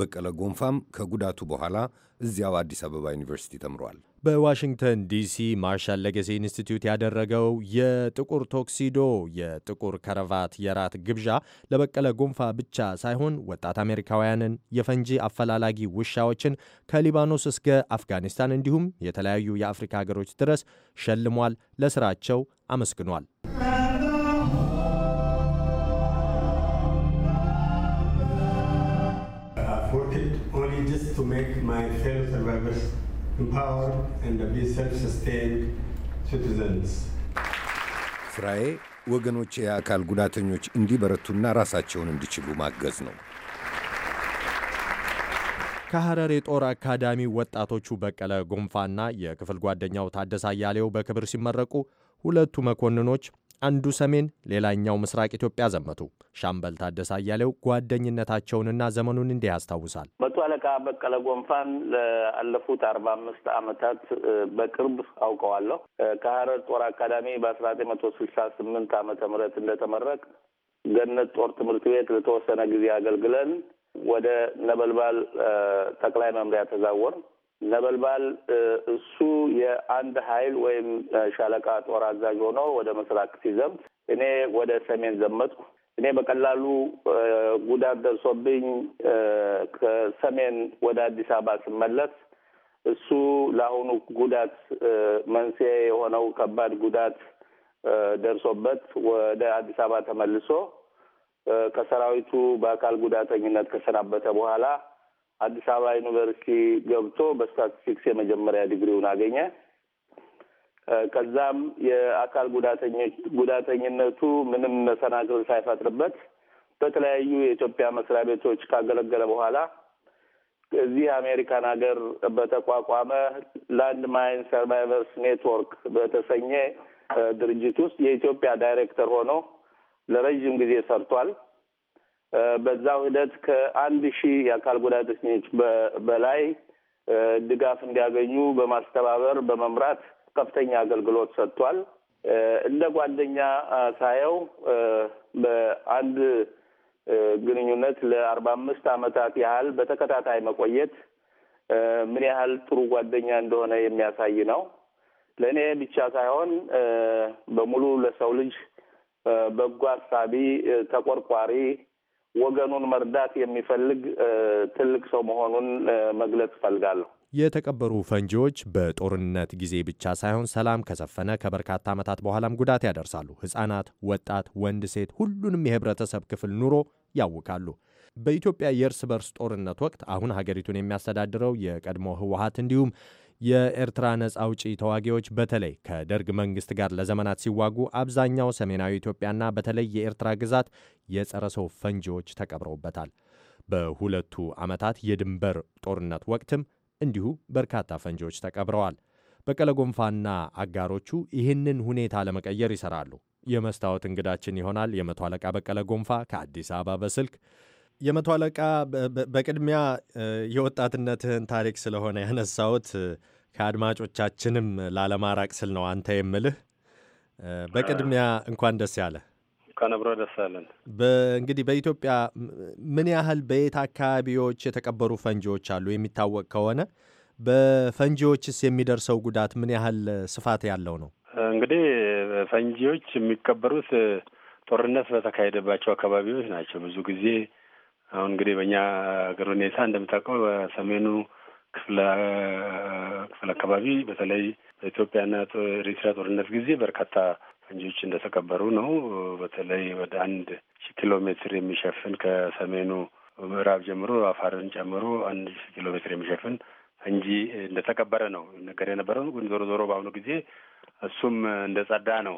በቀለ ጎንፋም ከጉዳቱ በኋላ እዚያው አዲስ አበባ ዩኒቨርሲቲ ተምሯል። በዋሽንግተን ዲሲ ማርሻል ለገሴ ኢንስቲትዩት ያደረገው የጥቁር ቶክሲዶ የጥቁር ከረቫት የራት ግብዣ ለበቀለ ጎንፋ ብቻ ሳይሆን ወጣት አሜሪካውያንን፣ የፈንጂ አፈላላጊ ውሻዎችን ከሊባኖስ እስከ አፍጋኒስታን እንዲሁም የተለያዩ የአፍሪካ ሀገሮች ድረስ ሸልሟል፣ ለስራቸው አመስግኗል። voted only just to make my fellow survivors empowered and be self-sustained citizens. ስራዬ ወገኖች የአካል ጉዳተኞች እንዲበረቱና ራሳቸውን እንዲችሉ ማገዝ ነው። ከሐረር የጦር አካዳሚ ወጣቶቹ በቀለ ጎንፋና የክፍል ጓደኛው ታደሰ አያሌው በክብር ሲመረቁ ሁለቱ መኮንኖች አንዱ ሰሜን፣ ሌላኛው ምስራቅ ኢትዮጵያ ዘመቱ። ሻምበል ታደሰ አያሌው ጓደኝነታቸውንና ዘመኑን እንዲህ ያስታውሳል። መቶ አለቃ በቀለ ጎንፋን ለአለፉት አርባ አምስት ዓመታት በቅርብ አውቀዋለሁ። ከሀረር ጦር አካዳሚ በአስራ ዘጠኝ መቶ ስልሳ ስምንት አመተ ምህረት እንደተመረቅ ገነት ጦር ትምህርት ቤት ለተወሰነ ጊዜ አገልግለን ወደ ነበልባል ጠቅላይ መምሪያ ተዛወር ነበልባል እሱ የአንድ ኃይል ወይም ሻለቃ ጦር አዛዥ ሆኖ ወደ ምስራቅ ሲዘምት፣ እኔ ወደ ሰሜን ዘመትኩ። እኔ በቀላሉ ጉዳት ደርሶብኝ ከሰሜን ወደ አዲስ አበባ ስመለስ እሱ ለአሁኑ ጉዳት መንስኤ የሆነው ከባድ ጉዳት ደርሶበት ወደ አዲስ አበባ ተመልሶ ከሰራዊቱ በአካል ጉዳተኝነት ከሰናበተ በኋላ አዲስ አበባ ዩኒቨርሲቲ ገብቶ በስታቲስቲክስ የመጀመሪያ ዲግሪውን አገኘ። ከዛም የአካል ጉዳተኞች ጉዳተኝነቱ ምንም መሰናክል ሳይፈጥርበት በተለያዩ የኢትዮጵያ መስሪያ ቤቶች ካገለገለ በኋላ እዚህ አሜሪካን ሀገር በተቋቋመ ላንድ ማይን ሰርቫይቨርስ ኔትወርክ በተሰኘ ድርጅት ውስጥ የኢትዮጵያ ዳይሬክተር ሆኖ ለረዥም ጊዜ ሰርቷል። በዛው ሂደት ከአንድ ሺህ የአካል ጉዳተኞች በላይ ድጋፍ እንዲያገኙ በማስተባበር በመምራት ከፍተኛ አገልግሎት ሰጥቷል። እንደ ጓደኛ ሳየው በአንድ ግንኙነት ለአርባ አምስት ዓመታት ያህል በተከታታይ መቆየት ምን ያህል ጥሩ ጓደኛ እንደሆነ የሚያሳይ ነው። ለእኔ ብቻ ሳይሆን በሙሉ ለሰው ልጅ በጎ አሳቢ፣ ተቆርቋሪ ወገኑን መርዳት የሚፈልግ ትልቅ ሰው መሆኑን መግለጽ እፈልጋለሁ። የተቀበሩ ፈንጂዎች በጦርነት ጊዜ ብቻ ሳይሆን ሰላም ከሰፈነ ከበርካታ ዓመታት በኋላም ጉዳት ያደርሳሉ። ሕፃናት፣ ወጣት፣ ወንድ፣ ሴት ሁሉንም የህብረተሰብ ክፍል ኑሮ ያውካሉ። በኢትዮጵያ የእርስ በርስ ጦርነት ወቅት አሁን ሀገሪቱን የሚያስተዳድረው የቀድሞ ህወሀት እንዲሁም የኤርትራ ነጻ አውጪ ተዋጊዎች በተለይ ከደርግ መንግስት ጋር ለዘመናት ሲዋጉ አብዛኛው ሰሜናዊ ኢትዮጵያና በተለይ የኤርትራ ግዛት የጸረ ሰው ፈንጂዎች ተቀብረውበታል። በሁለቱ ዓመታት የድንበር ጦርነት ወቅትም እንዲሁ በርካታ ፈንጂዎች ተቀብረዋል። በቀለ ጎንፋና አጋሮቹ ይህንን ሁኔታ ለመቀየር ይሰራሉ። የመስታወት እንግዳችን ይሆናል የመቶ አለቃ በቀለ ጎንፋ ከአዲስ አበባ በስልክ የመቶ አለቃ በቅድሚያ የወጣትነትህን ታሪክ ስለሆነ ያነሳሁት ከአድማጮቻችንም ላለማራቅ ስል ነው። አንተ የምልህ በቅድሚያ እንኳን ደስ ያለ እንኳን አብሮ ደስ ያለን። እንግዲህ በኢትዮጵያ ምን ያህል በየት አካባቢዎች የተቀበሩ ፈንጂዎች አሉ የሚታወቅ ከሆነ በፈንጂዎችስ የሚደርሰው ጉዳት ምን ያህል ስፋት ያለው ነው? እንግዲህ ፈንጂዎች የሚቀበሩት ጦርነት በተካሄደባቸው አካባቢዎች ናቸው ብዙ ጊዜ አሁን እንግዲህ በእኛ ሀገር ሁኔታ እንደምታውቀው በሰሜኑ ክፍለ ክፍል አካባቢ በተለይ በኢትዮጵያና ኤርትራ ጦርነት ጊዜ በርካታ ፈንጂዎች እንደተቀበሩ ነው። በተለይ ወደ አንድ ሺህ ኪሎ ሜትር የሚሸፍን ከሰሜኑ ምዕራብ ጀምሮ አፋርን ጨምሮ አንድ ሺህ ኪሎ ሜትር የሚሸፍን ፈንጂ እንደተቀበረ ነው ነገር የነበረው። ግን ዞሮ ዞሮ በአሁኑ ጊዜ እሱም እንደ ጸዳ ነው።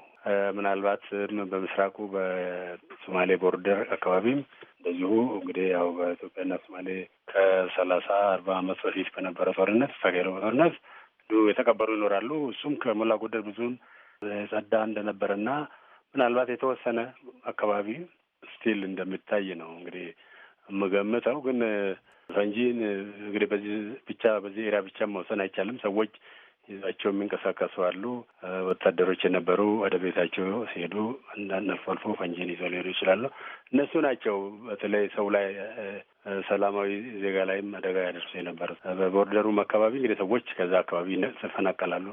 ምናልባትም በምስራቁ በሶማሌ ቦርደር አካባቢም እንደዚሁ እንግዲህ ያው በኢትዮጵያና ሶማሌ ከሰላሳ አርባ አመት በፊት በነበረ ጦርነት ተካሄደው ጦርነት የተቀበሩ ይኖራሉ። እሱም ከሞላ ጎደል ብዙን ጸዳ እንደነበረ እንደነበረና ምናልባት የተወሰነ አካባቢ ስቲል እንደሚታይ ነው እንግዲህ የምገምተው። ግን ፈንጂን እንግዲህ በዚህ ብቻ በዚህ ኤሪያ ብቻ መውሰን አይቻልም። ሰዎች ይዛቸው የሚንቀሳቀሱ አሉ። ወታደሮች የነበሩ ወደ ቤታቸው ሲሄዱ እንዳነፉ አልፎ ፈንጂን ይዘው ሊሄዱ ይችላሉ። እነሱ ናቸው በተለይ ሰው ላይ ሰላማዊ ዜጋ ላይም አደጋ ያደርሱ የነበሩት። በቦርደሩም አካባቢ እንግዲህ ሰዎች ከዛ አካባቢ ይፈናቀላሉ።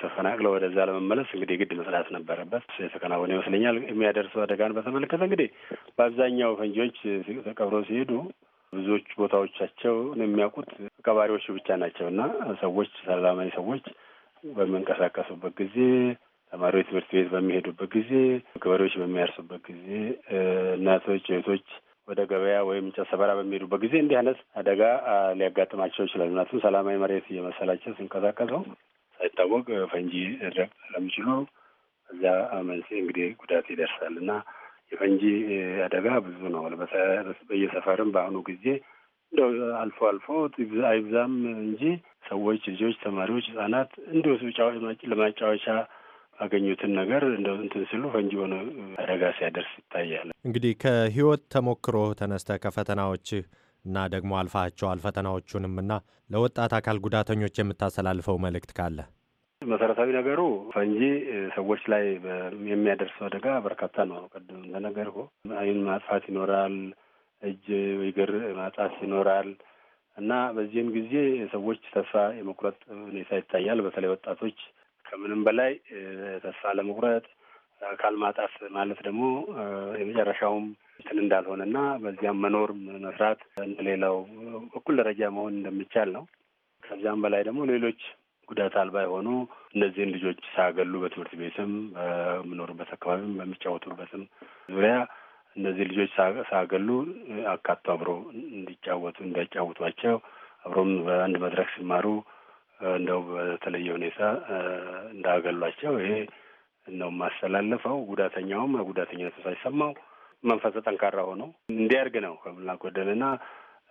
ተፈናቅለው ወደዛ ለመመለስ እንግዲህ ግድ መስራት ነበረበት የተከናወነ ይመስለኛል። የሚያደርሰው አደጋን በተመለከተ እንግዲህ በአብዛኛው ፈንጂዎች ተቀብረው ሲሄዱ ብዙዎች ቦታዎቻቸው የሚያውቁት ቀባሪዎች ብቻ ናቸው እና ሰዎች ሰላማዊ ሰዎች በሚንቀሳቀሱበት ጊዜ ተማሪዎች ትምህርት ቤት በሚሄዱበት ጊዜ፣ ገበሬዎች በሚያርሱበት ጊዜ፣ እናቶች እህቶች ወደ ገበያ ወይም እንጨት ሰበራ በሚሄዱበት ጊዜ እንዲህ አይነት አደጋ ሊያጋጥማቸው ይችላል። ምክንያቱም ሰላማዊ መሬት እየመሰላቸው ሲንቀሳቀሰው ሳይታወቅ ፈንጂ ረብ ስለሚችሉ እዚያ መንስኤ እንግዲህ ጉዳት ይደርሳል እና የፈንጂ አደጋ ብዙ ነው። በየሰፈርም በአሁኑ ጊዜ እንደው አልፎ አልፎ አይብዛም እንጂ ሰዎች፣ ልጆች፣ ተማሪዎች፣ ህጻናት እንዲሁ ለማጫወቻ አገኙትን ነገር እንደው እንትን ሲሉ ፈንጂ ሆነ አደጋ ሲያደርስ ይታያል። እንግዲህ ከህይወት ተሞክሮ ተነስተ ከፈተናዎች እና ደግሞ አልፋቸዋል ፈተናዎቹንም እና ለወጣት አካል ጉዳተኞች የምታስተላልፈው መልእክት ካለ መሰረታዊ ነገሩ ፈንጂ ሰዎች ላይ የሚያደርሰው አደጋ በርካታ ነው። ቅድም እንደነገር አይን ማጥፋት ይኖራል፣ እጅ እግር ማጣት ይኖራል እና በዚህም ጊዜ ሰዎች ተስፋ የመቁረጥ ሁኔታ ይታያል። በተለይ ወጣቶች ከምንም በላይ ተስፋ ለመቁረጥ አካል ማጣት ማለት ደግሞ የመጨረሻውም እንትን እንዳልሆነና በዚያም መኖር መስራት እንደሌላው እኩል ደረጃ መሆን እንደሚቻል ነው። ከዚያም በላይ ደግሞ ሌሎች ጉዳት አልባ የሆኑ እነዚህን ልጆች ሳያገሉ በትምህርት ቤትም በምኖሩበት አካባቢም በሚጫወቱበትም ዙሪያ እነዚህ ልጆች ሳያገሉ አካቶ አብሮ እንዲጫወቱ እንዳይጫወቷቸው አብሮም በአንድ መድረክ ሲማሩ እንደው በተለየ ሁኔታ እንዳገሏቸው ይሄ ነው የማስተላለፈው። ጉዳተኛውም ጉዳተኛ ሳይሰማው መንፈሰ ጠንካራ ሆነው እንዲያድግ ነው ከምላ ጎደልና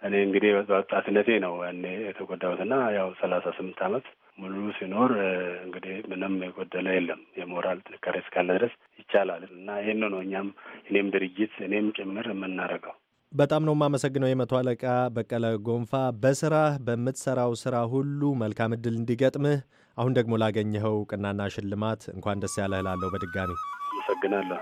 እኔ እንግዲህ በወጣትነቴ ነው ያኔ የተጎዳሁትና ያው ሰላሳ ስምንት ዓመት ሙሉ ሲኖር እንግዲህ ምንም የጎደለ የለም። የሞራል ጥንካሬ እስካለ ድረስ ይቻላል እና ይህን ነው እኛም እኔም ድርጅት እኔም ጭምር የምናደርገው። በጣም ነው የማመሰግነው የመቶ አለቃ በቀለ ጎንፋ። በስራህ በምትሰራው ስራ ሁሉ መልካም እድል እንዲገጥምህ፣ አሁን ደግሞ ላገኘኸው ቅናና ሽልማት እንኳን ደስ ያለህ እላለሁ። በድጋሚ አመሰግናለሁ።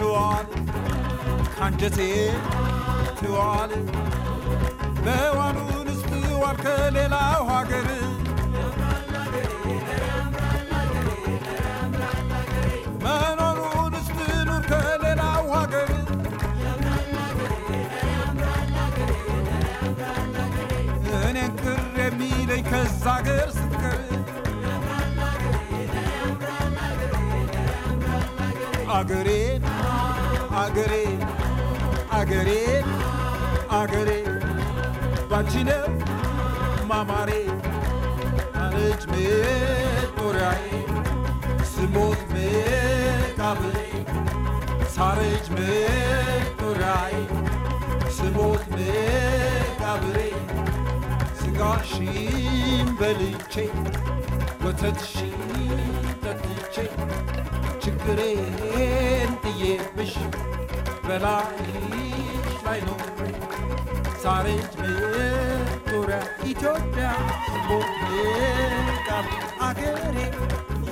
ትዋል አንጀቴ ትዋል በዋሉን ስትዋል ከሌላው ሀገር መኖሩን ስትኑር ከሌላው ሀገር ከዛ ሀገር ስትቀር አገሬ agare, agare, agare. Bacine, mamare, anec me torai, Smooth me kabli, sarec me torai, Smooth me kabli, singashim belice, ወተትሽን ጠጥቼ ችግሬ ጥዬ ብሽ በላይሽ ላይ ነው ሳረች ምጦሪያ ኢትዮጵያ ቦቃ አገሬ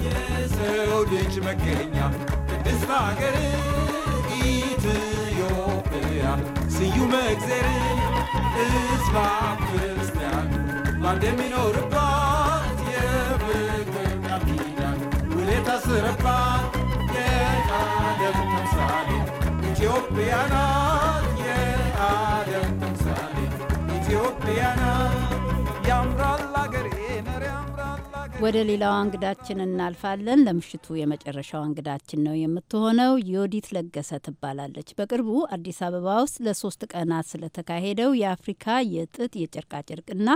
የሰው ልጅ መገኛ ቅድስት አገር ኢትዮጵያ ስዩመ እግዜር ሕዝባ ክርስቲያን ባንድ የሚኖርባት የፍቅር ቃል ኪዳን ውሌታ ስረባት ኢትዮጵያ ናት የዓለም ኢትዮጵያ ናት። ያምራል አገሬ ያምራል ወደ ሌላዋ እንግዳችን እናልፋለን። ለምሽቱ የመጨረሻዋ እንግዳችን ነው የምትሆነው። ዮዲት ለገሰ ትባላለች። በቅርቡ አዲስ አበባ ውስጥ ለሶስት ቀናት ስለተካሄደው የአፍሪካ የጥጥ የጨርቃጨርቅና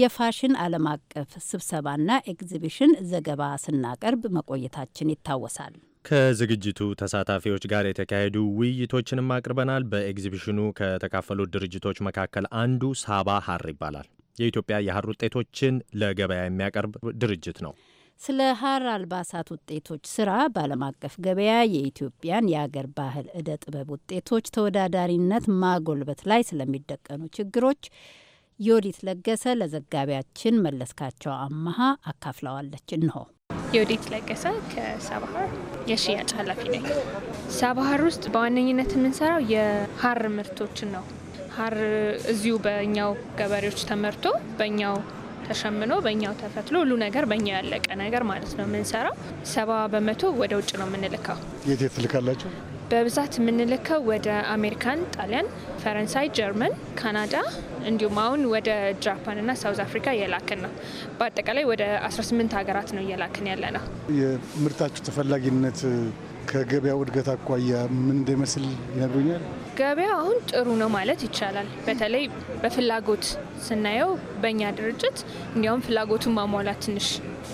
የፋሽን ዓለም አቀፍ ስብሰባና ኤግዚቢሽን ዘገባ ስናቀርብ መቆየታችን ይታወሳል። ከዝግጅቱ ተሳታፊዎች ጋር የተካሄዱ ውይይቶችንም አቅርበናል። በኤግዚቢሽኑ ከተካፈሉት ድርጅቶች መካከል አንዱ ሳባ ሀር ይባላል። የኢትዮጵያ የሀር ውጤቶችን ለገበያ የሚያቀርብ ድርጅት ነው። ስለ ሀር አልባሳት ውጤቶች ስራ በዓለም አቀፍ ገበያ የኢትዮጵያን የአገር ባህል እደ ጥበብ ውጤቶች ተወዳዳሪነት ማጎልበት ላይ ስለሚደቀኑ ችግሮች ዮዲት ለገሰ ለዘጋቢያችን መለስካቸው አመሃ አካፍለዋለች። እንሆ የወዴት ለገሰ ከሳባሀር የሽያጭ ኃላፊ ነኝ። ሳባሀር ውስጥ በዋነኝነት የምንሰራው የሀር ምርቶችን ነው። ሀር እዚሁ በእኛው ገበሬዎች ተመርቶ በእኛው ተሸምኖ በእኛው ተፈትሎ ሁሉ ነገር በእኛው ያለቀ ነገር ማለት ነው የምንሰራው። ሰባ በመቶ ወደ ውጭ ነው የምንልከው። የት የት ትልካላችሁ? በብዛት የምንልከው ወደ አሜሪካን፣ ጣሊያን፣ ፈረንሳይ፣ ጀርመን፣ ካናዳ እንዲሁም አሁን ወደ ጃፓንና ሳውዝ አፍሪካ እየላክን ነው። በአጠቃላይ ወደ 18 ሀገራት ነው እየላክን ያለ ነው። የምርታችሁ ተፈላጊነት ከገበያው እድገት አኳያ ምን እንደሚመስል ይነግሩኛል? ገበያው አሁን ጥሩ ነው ማለት ይቻላል። በተለይ በፍላጎት ስናየው በእኛ ድርጅት እንዲያውም ፍላጎቱን ማሟላት ትንሽ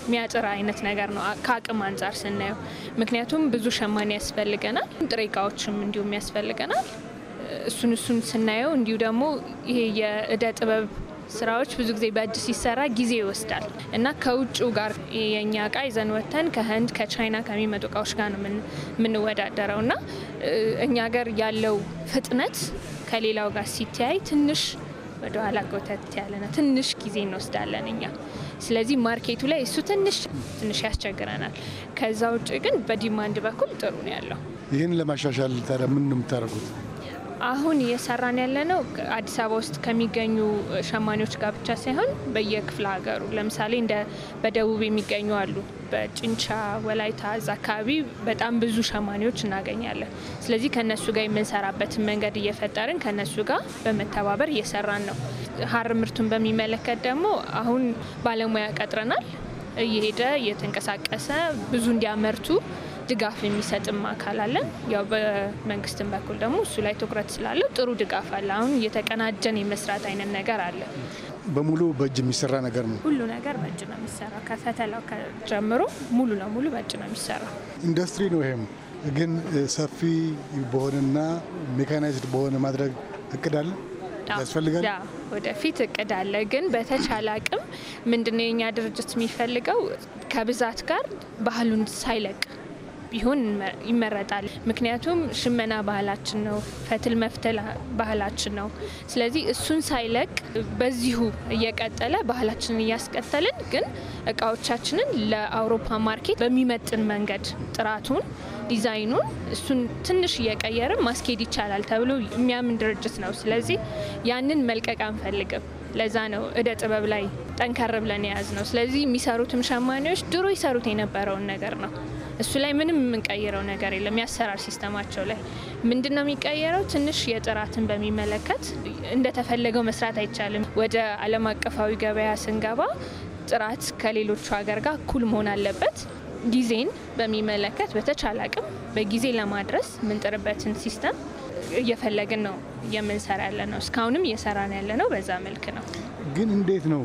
የሚያጥር አይነት ነገር ነው ከአቅም አንጻር ስናየው። ምክንያቱም ብዙ ሸማኔ ያስፈልገናል፣ ጥሬ እቃዎችም እንዲሁም ያስፈልገናል። እሱን እሱን ስናየው እንዲሁ ደግሞ ይሄ የእደ ጥበብ ስራዎች ብዙ ጊዜ በእጅ ሲሰራ ጊዜ ይወስዳል እና ከውጭው ጋር የእኛ እቃ ይዘን ወተን ከህንድ ከቻይና ከሚመጡ እቃዎች ጋር ነው የምንወዳደረው እና እኛ ገር ያለው ፍጥነት ከሌላው ጋር ሲተያይ ትንሽ ወደኋላ ጎተት ያለ ነው። ትንሽ ጊዜ እንወስዳለን እኛ። ስለዚህ ማርኬቱ ላይ እሱ ትንሽ ትንሽ ያስቸግረናል። ከዛ ውጭ ግን በዲማንድ በኩል ጥሩ ነው ያለው። ይህን ለማሻሻል ታዲያ ምን ነው የምታደርጉት? አሁን እየሰራን ያለ ነው አዲስ አበባ ውስጥ ከሚገኙ ሸማኔዎች ጋር ብቻ ሳይሆን በየክፍለ ሀገሩ ለምሳሌ እንደ በደቡብ የሚገኙ አሉ። በጭንቻ ወላይታ፣ እዛ አካባቢ በጣም ብዙ ሸማኔዎች እናገኛለን። ስለዚህ ከነሱ ጋር የምንሰራበትን መንገድ እየፈጠርን ከነሱ ጋር በመተባበር እየሰራን ነው። ሀር ምርቱን በሚመለከት ደግሞ አሁን ባለሙያ ቀጥረናል። እየሄደ እየተንቀሳቀሰ ብዙ እንዲያመርቱ ድጋፍ የሚሰጥም አካል አለ። ያው በመንግስትም በኩል ደግሞ እሱ ላይ ትኩረት ስላለው ጥሩ ድጋፍ አለ። አሁን እየተቀናጀን የመስራት አይነት ነገር አለ። በሙሉ በእጅ የሚሰራ ነገር ነው። ሁሉ ነገር በእጅ ነው የሚሰራው። ከፈተላው ጀምሮ ሙሉ ለሙሉ በእጅ ነው የሚሰራው። ኢንዱስትሪ ነው። ይሄም ግን ሰፊ በሆነና ሜካናይዝድ በሆነ ማድረግ እቅድ አለ ያስፈልጋል ወደፊት እቅድ አለ። ግን በተቻለ አቅም ምንድነው የኛ ድርጅት የሚፈልገው ከብዛት ጋር ባህሉን ሳይለቅ ቢሆን ይመረጣል። ምክንያቱም ሽመና ባህላችን ነው፣ ፈትል መፍተል ባህላችን ነው። ስለዚህ እሱን ሳይለቅ በዚሁ እየቀጠለ ባህላችንን እያስቀጠልን ግን እቃዎቻችንን ለአውሮፓ ማርኬት በሚመጥን መንገድ ጥራቱን፣ ዲዛይኑን እሱን ትንሽ እየቀየርን ማስኬድ ይቻላል ተብሎ የሚያምን ድርጅት ነው። ስለዚህ ያንን መልቀቅ አንፈልግም። ለዛ ነው እደ ጥበብ ላይ ጠንከር ብለን የያዝ ነው። ስለዚህ የሚሰሩትም ሸማኔዎች ድሮ ይሰሩት የነበረውን ነገር ነው እሱ ላይ ምንም የምንቀይረው ነገር የለም። የሚያሰራር ሲስተማቸው ላይ ምንድን ነው የሚቀየረው? ትንሽ የጥራትን በሚመለከት እንደተፈለገው መስራት አይቻልም። ወደ አለም አቀፋዊ ገበያ ስንገባ ጥራት ከሌሎቹ ሀገር ጋር እኩል መሆን አለበት። ጊዜን በሚመለከት በተቻለ አቅም በጊዜ ለማድረስ የምንጥርበትን ሲስተም እየፈለግን ነው የምንሰራ ያለ ነው። እስካሁንም እየሰራን ያለ ነው በዛ መልክ ነው። ግን እንዴት ነው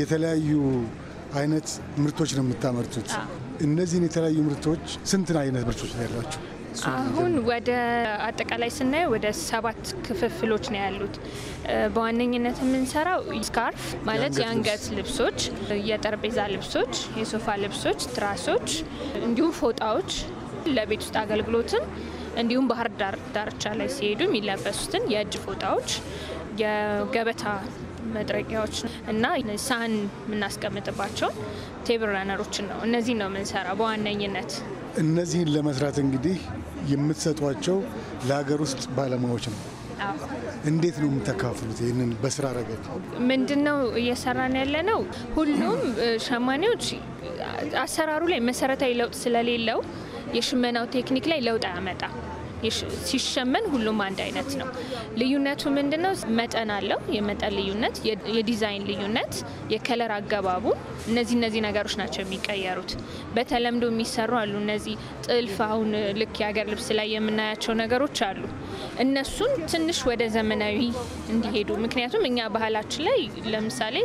የተለያዩ አይነት ምርቶች ነው የምታመርቱት? እነዚህን የተለያዩ ምርቶች ስንት አይነት ምርቶች ነው ያላቸው? አሁን ወደ አጠቃላይ ስናየው ወደ ሰባት ክፍፍሎች ነው ያሉት። በዋነኝነት የምንሰራው ስካርፍ ማለት የአንገት ልብሶች፣ የጠረጴዛ ልብሶች፣ የሶፋ ልብሶች፣ ትራሶች እንዲሁም ፎጣዎች ለቤት ውስጥ አገልግሎትም እንዲሁም ባህር ዳር ዳርቻ ላይ ሲሄዱ የሚለበሱትን የእጅ ፎጣዎች፣ የገበታ መጥረቂያዎች እና ሳህን የምናስቀምጥባቸው ቴብል ራነሮችን ነው። እነዚህን ነው የምንሰራ በዋነኝነት። እነዚህን ለመስራት እንግዲህ የምትሰጧቸው ለሀገር ውስጥ ባለሙያዎች ነው። እንዴት ነው የምታካፍሉት? ይህንን በስራ ረገድ ምንድን ነው እየሰራን ያለ ነው? ሁሉም ሸማኔዎች አሰራሩ ላይ መሰረታዊ ለውጥ ስለሌለው የሽመናው ቴክኒክ ላይ ለውጥ አያመጣም። ሲሸመን ሁሉም አንድ አይነት ነው። ልዩነቱ ምንድነው መጠን አለው፣ የመጠን ልዩነት፣ የዲዛይን ልዩነት፣ የከለር አገባቡ፣ እነዚህ እነዚህ ነገሮች ናቸው የሚቀየሩት። በተለምዶ የሚሰሩ አሉ እነዚህ ጥልፍ፣ አሁን ልክ የሀገር ልብስ ላይ የምናያቸው ነገሮች አሉ። እነሱን ትንሽ ወደ ዘመናዊ እንዲሄዱ፣ ምክንያቱም እኛ ባህላችን ላይ ለምሳሌ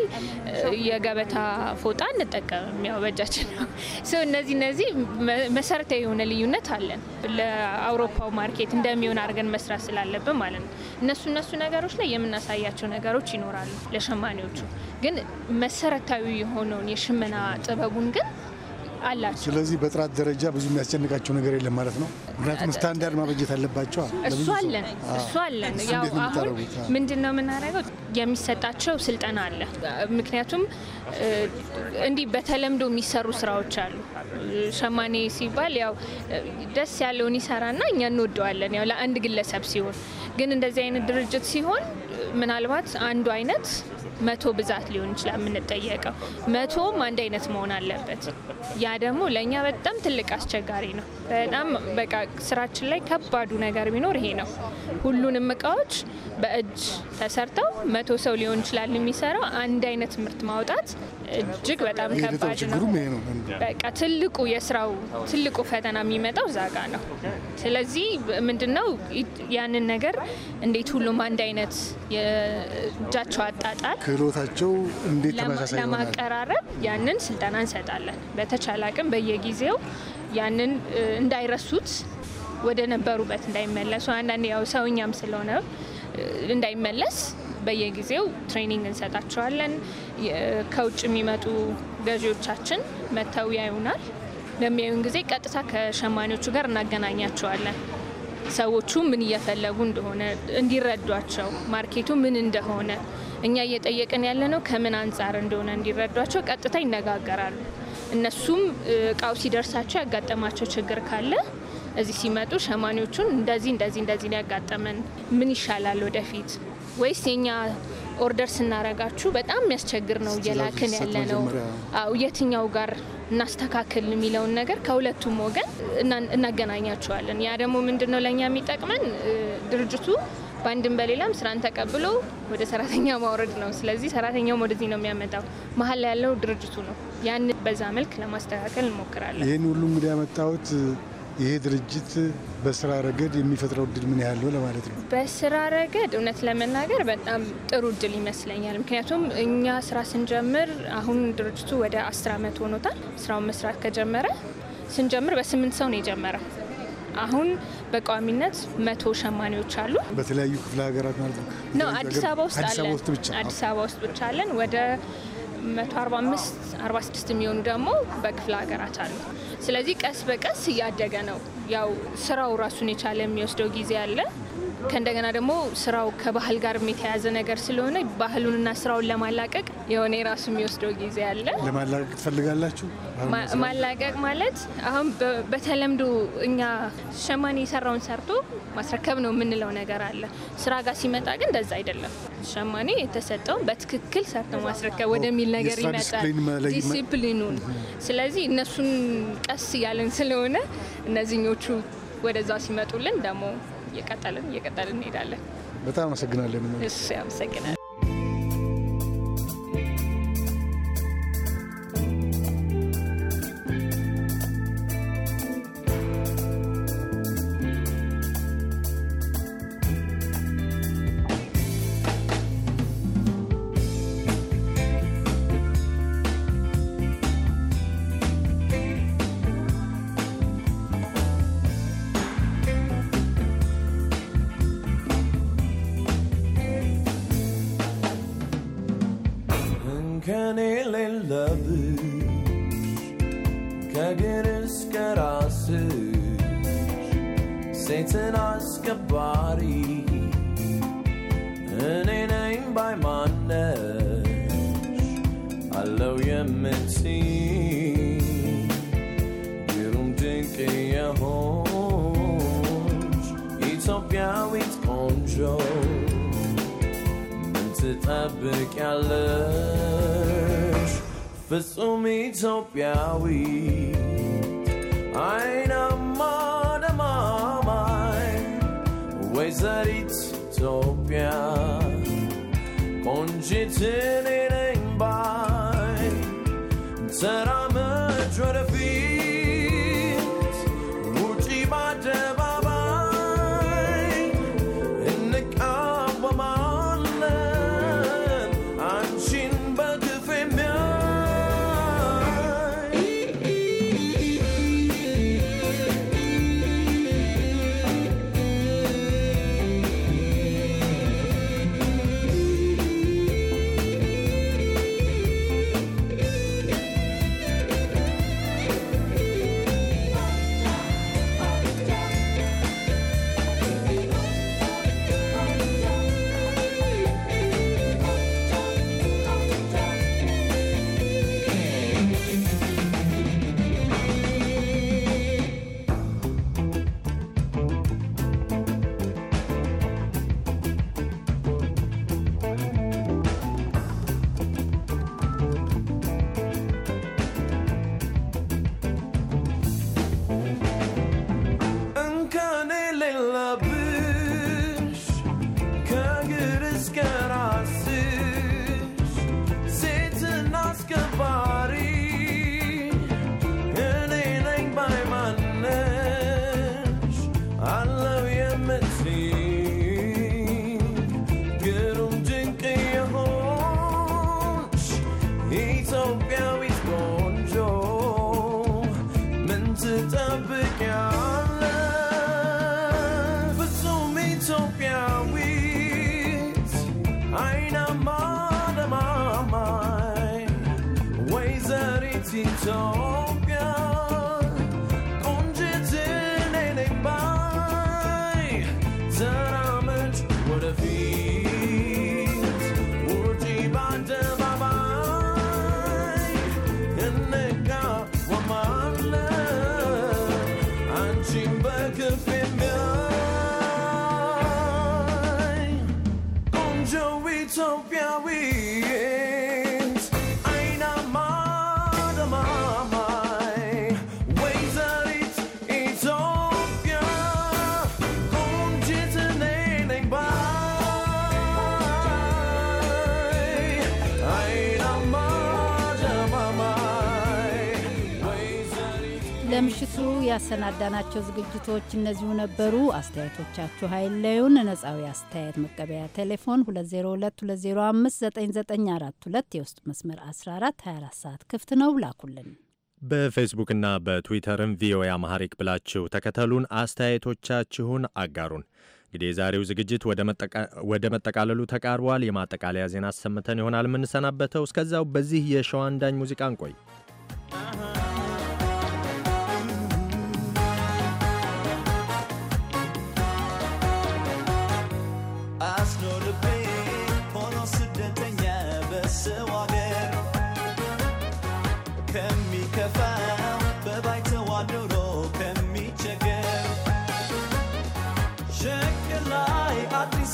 የገበታ ፎጣ እንጠቀምም፣ ያው በእጃችን ነው። እነዚህ እነዚህ መሰረታዊ የሆነ ልዩነት አለን ለአውሮፓው ማርኬት እንደሚሆን አድርገን መስራት ስላለብን ማለት ነው። እነሱ እነሱ ነገሮች ላይ የምናሳያቸው ነገሮች ይኖራሉ ለሸማኔዎቹ። ግን መሰረታዊ የሆነውን የሽመና ጥበቡን ግን አላቸው። ስለዚህ በጥራት ደረጃ ብዙ የሚያስጨንቃቸው ነገር የለም ማለት ነው። ምክንያቱም ስታንዳርድ ማበጀት አለባቸው። እሱ አለን እሱ አለን። ያው አሁን ምንድን ነው የምናደርገው? የሚሰጣቸው ስልጠና አለ። ምክንያቱም እንዲህ በተለምዶ የሚሰሩ ስራዎች አሉ። ሸማኔ ሲባል ያው ደስ ያለውን ይሰራና እኛ እንወደዋለን፣ ያው ለአንድ ግለሰብ ሲሆን። ግን እንደዚህ አይነት ድርጅት ሲሆን ምናልባት አንዱ አይነት መቶ ብዛት ሊሆን ይችላል የምንጠየቀው። መቶም አንድ አይነት መሆን አለበት። ያ ደግሞ ለእኛ በጣም ትልቅ አስቸጋሪ ነው። በጣም በቃ ስራችን ላይ ከባዱ ነገር ቢኖር ይሄ ነው። ሁሉንም እቃዎች በእጅ ተሰርተው መቶ ሰው ሊሆን ይችላል የሚሰራው አንድ አይነት ምርት ማውጣት እጅግ በጣም ከባድ ነው። በቃ ትልቁ የስራው ትልቁ ፈተና የሚመጣው ዛጋ ነው። ስለዚህ ምንድነው ያንን ነገር እንዴት ሁሉም አንድ አይነት የእጃቸው አጣጣል ክህሎታቸው እንዴት ተመሳሳይ ለማቀራረብ ያንን ስልጠና እንሰጣለን። በተቻለ አቅም በየጊዜው ያንን እንዳይረሱት ወደ ነበሩበት እንዳይመለሱ አንዳንድ ያው ሰውኛም ስለሆነ እንዳይመለስ በየጊዜው ትሬኒንግ እንሰጣቸዋለን። ከውጭ የሚመጡ ገዢዎቻችን መተው ያዩናል። በሚያዩን ጊዜ ቀጥታ ከሸማኔዎቹ ጋር እናገናኛቸዋለን። ሰዎቹ ምን እየፈለጉ እንደሆነ እንዲረዷቸው፣ ማርኬቱ ምን እንደሆነ እኛ እየጠየቅን ነው ከምን አንጻር እንደሆነ እንዲረዷቸው ቀጥታ ይነጋገራሉ። እነሱም እቃው ሲደርሳቸው ያጋጠማቸው ችግር ካለ እዚህ ሲመጡ ሸማኔዎቹን እንደዚህ እንደዚህ እንደዚህ ነው ያጋጠመን፣ ምን ይሻላል ወደፊት ወይስ የኛ ኦርደር ስናረጋችሁ በጣም የሚያስቸግር ነው እየላክን ያለ ነው። አዎ የትኛው ጋር እናስተካክል የሚለውን ነገር ከሁለቱም ወገን እናገናኛቸዋለን። ያ ደግሞ ምንድን ነው ለእኛ የሚጠቅመን ድርጅቱ በአንድም በሌላም ስራን ተቀብሎ ወደ ሰራተኛ ማውረድ ነው። ስለዚህ ሰራተኛውም ወደዚህ ነው የሚያመጣው፣ መሀል ላይ ያለው ድርጅቱ ነው። ያን በዛ መልክ ለማስተካከል እንሞክራለን። ይህን ሁሉ እንግዲህ ያመጣሁት ይሄ ድርጅት በስራ ረገድ የሚፈጥረው እድል ምን ያህል ነው ለማለት ነው። በስራ ረገድ እውነት ለመናገር በጣም ጥሩ እድል ይመስለኛል። ምክንያቱም እኛ ስራ ስንጀምር አሁን ድርጅቱ ወደ አስር አመት ሆኖታል ስራውን መስራት ከጀመረ ስንጀምር በስምንት ሰው ነው የጀመረው አሁን በቋሚነት መቶ ሸማኔዎች አሉ። በተለያዩ ክፍለ ሀገራት ማለት ነው። አዲስ አበባ ውስጥ አለን። አዲስ አበባ ውስጥ ብቻ አለን። ወደ 145 46 የሚሆኑ ደግሞ በክፍለ ሀገራት አሉ። ስለዚህ ቀስ በቀስ እያደገ ነው። ያው ስራው ራሱን የቻለ የሚወስደው ጊዜ አለ። ከእንደገና ደግሞ ስራው ከባህል ጋር የተያዘ ነገር ስለሆነ ባህሉንና ስራውን ለማላቀቅ የሆነ የራሱ የሚወስደው ጊዜ አለ። ለማላቀቅ ትፈልጋላችሁ? ማላቀቅ ማለት አሁን በተለምዶ እኛ ሸማኔ የሰራውን ሰርቶ ማስረከብ ነው የምንለው ነገር አለ። ስራ ጋር ሲመጣ ግን እንደዛ አይደለም። ሸማኔ የተሰጠውን በትክክል ሰርቶ ማስረከብ ወደሚል ነገር ይመጣል፣ ዲሲፕሊኑን። ስለዚህ እነሱን ቀስ እያለን ስለሆነ እነዚህኞቹ ወደዛ ሲመጡልን ደግሞ እየቀጠልን እየቀጠልን እንሄዳለን። በጣም አመሰግናለን። እሱ አመሰግናል። Satan Oscar Body, and a name by Mondays. I you, Mitzi. You don't think you home. It's up, yeah, it's control. Mentet abek alles. Versumit op jouw wiet. măizăriți țopia Conșiținile în bai Țara mea ce ያሰናዳናቸው ዝግጅቶች እነዚሁ ነበሩ። አስተያየቶቻችሁ ኃይለዩን ነጻዊ አስተያየት መቀበያ ቴሌፎን 2022059942 የውስጥ መስመር 14 24 ሰዓት ክፍት ነው። ላኩልን። በፌስቡክና በትዊተርም ቪኦኤ አማሐሪክ ብላችሁ ተከተሉን። አስተያየቶቻችሁን አጋሩን። እንግዲህ የዛሬው ዝግጅት ወደ መጠቃለሉ ተቃርቧል። የማጠቃለያ ዜና አሰምተን ይሆናል የምንሰናበተው። እስከዛው በዚህ የሸዋንዳኝ ሙዚቃ እንቆይ።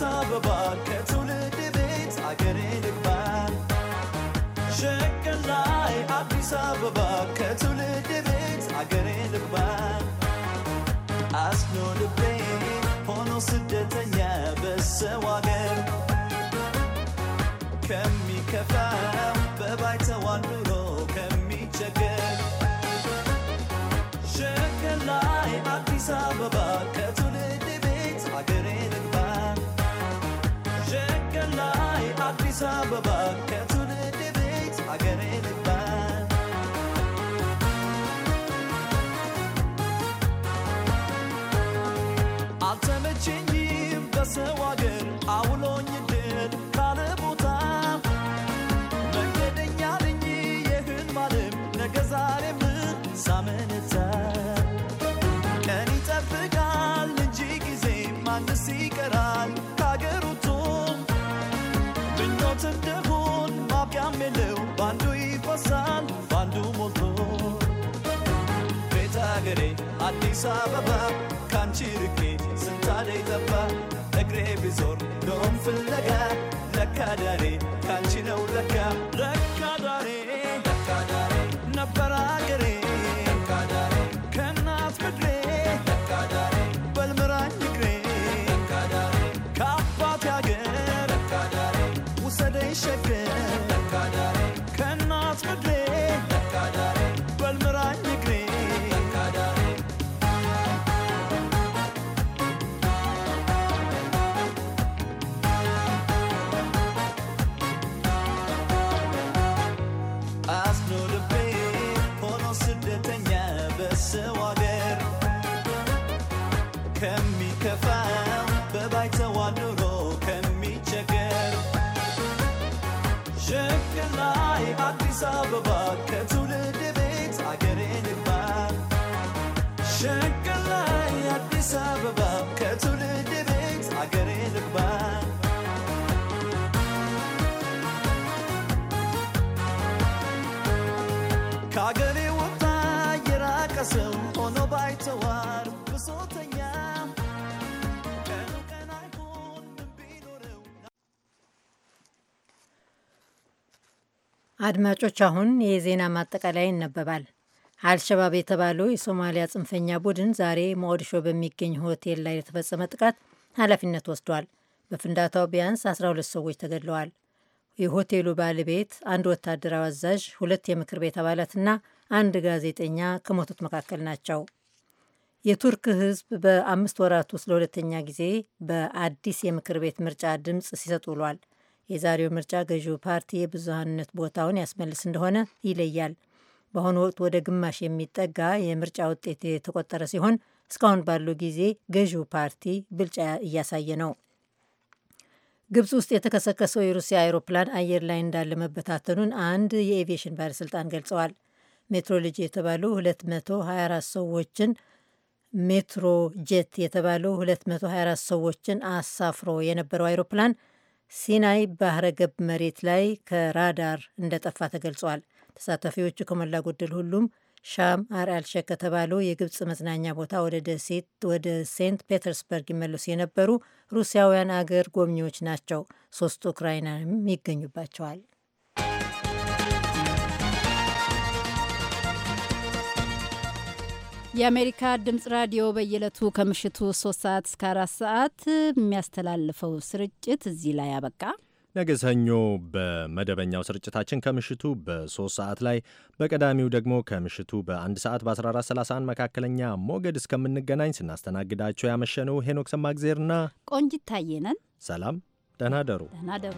አበባ ከትውልድ ቤት አገሬ ልግባ ሸገር ላይ አዲስ አበባ ከትውልድ ቤት አገሬ ልግባ አስኖ ልቤ ሆኖ ስደተኛ በሰው አገር ከሚከፋው በባይተዋን ኑሮ ከሚቸገር ሸገር ላይ አዲስ አበባ አዲስ አበባ ከትውልድ ቤት ሀገሬ ልባል አልተመቸኝም በሰው አዲስ አበባ ካንቺ ርቄ ስንታለይ ጠባ እግሬ ቢዞር ዶም ፍለጋ ለካ ዳሬ ካንቺ ነው ለካ አዲስ አበባ ከትውልድ ቤት አገሬ ልባ ሸቀል ላይ አዲስ አበባ ከትውልድ ቤት አገሬ ልባ ከአገሬ ወጣ የራቀ ሰው ሆኖ ባይተዋር አድማጮች፣ አሁን የዜና ማጠቃለያ ይነበባል። አልሸባብ የተባለው የሶማሊያ ጽንፈኛ ቡድን ዛሬ ሞቃዲሾ በሚገኝ ሆቴል ላይ የተፈጸመ ጥቃት ኃላፊነት ወስዷል። በፍንዳታው ቢያንስ 12 ሰዎች ተገድለዋል። የሆቴሉ ባለቤት፣ አንድ ወታደራዊ አዛዥ፣ ሁለት የምክር ቤት አባላትና አንድ ጋዜጠኛ ከሞቱት መካከል ናቸው። የቱርክ ሕዝብ በአምስት ወራት ውስጥ ለሁለተኛ ጊዜ በአዲስ የምክር ቤት ምርጫ ድምፅ ሲሰጥ ውሏል። የዛሬው ምርጫ ገዢው ፓርቲ የብዙሀንነት ቦታውን ያስመልስ እንደሆነ ይለያል። በአሁኑ ወቅት ወደ ግማሽ የሚጠጋ የምርጫ ውጤት የተቆጠረ ሲሆን እስካሁን ባለው ጊዜ ገዢው ፓርቲ ብልጫ እያሳየ ነው። ግብጽ ውስጥ የተከሰከሰው የሩሲያ አውሮፕላን አየር ላይ እንዳለ መበታተኑን አንድ የኤቪዬሽን ባለስልጣን ገልጸዋል። ሜትሮሎጂ የተባሉ 224 ሰዎችን ሜትሮጄት የተባሉ 224 ሰዎችን አሳፍሮ የነበረው አውሮፕላን ሲናይ ባህረ ገብ መሬት ላይ ከራዳር እንደጠፋ ተገልጿል። ተሳታፊዎቹ ከሞላ ጎደል ሁሉም ሻም አርአልሸክ ከተባለው የግብፅ መዝናኛ ቦታ ወደ ደሴት ወደ ሴንት ፔተርስበርግ ይመለሱ የነበሩ ሩሲያውያን አገር ጎብኚዎች ናቸው። ሶስት ኡክራይናንም ይገኙባቸዋል። የአሜሪካ ድምጽ ራዲዮ በየዕለቱ ከምሽቱ 3 ሰዓት እስከ 4 ሰዓት የሚያስተላልፈው ስርጭት እዚህ ላይ አበቃ። ነገ ሰኞ በመደበኛው ስርጭታችን ከምሽቱ በ3 ሰዓት ላይ በቀዳሚው ደግሞ ከምሽቱ በ1 ሰዓት በ1431 መካከለኛ ሞገድ እስከምንገናኝ ስናስተናግዳቸው ያመሸነው ሄኖክ ሰማግዜርና ቆንጂት ታየነን። ሰላም፣ ደህና ደሩ። ደህና ደሩ።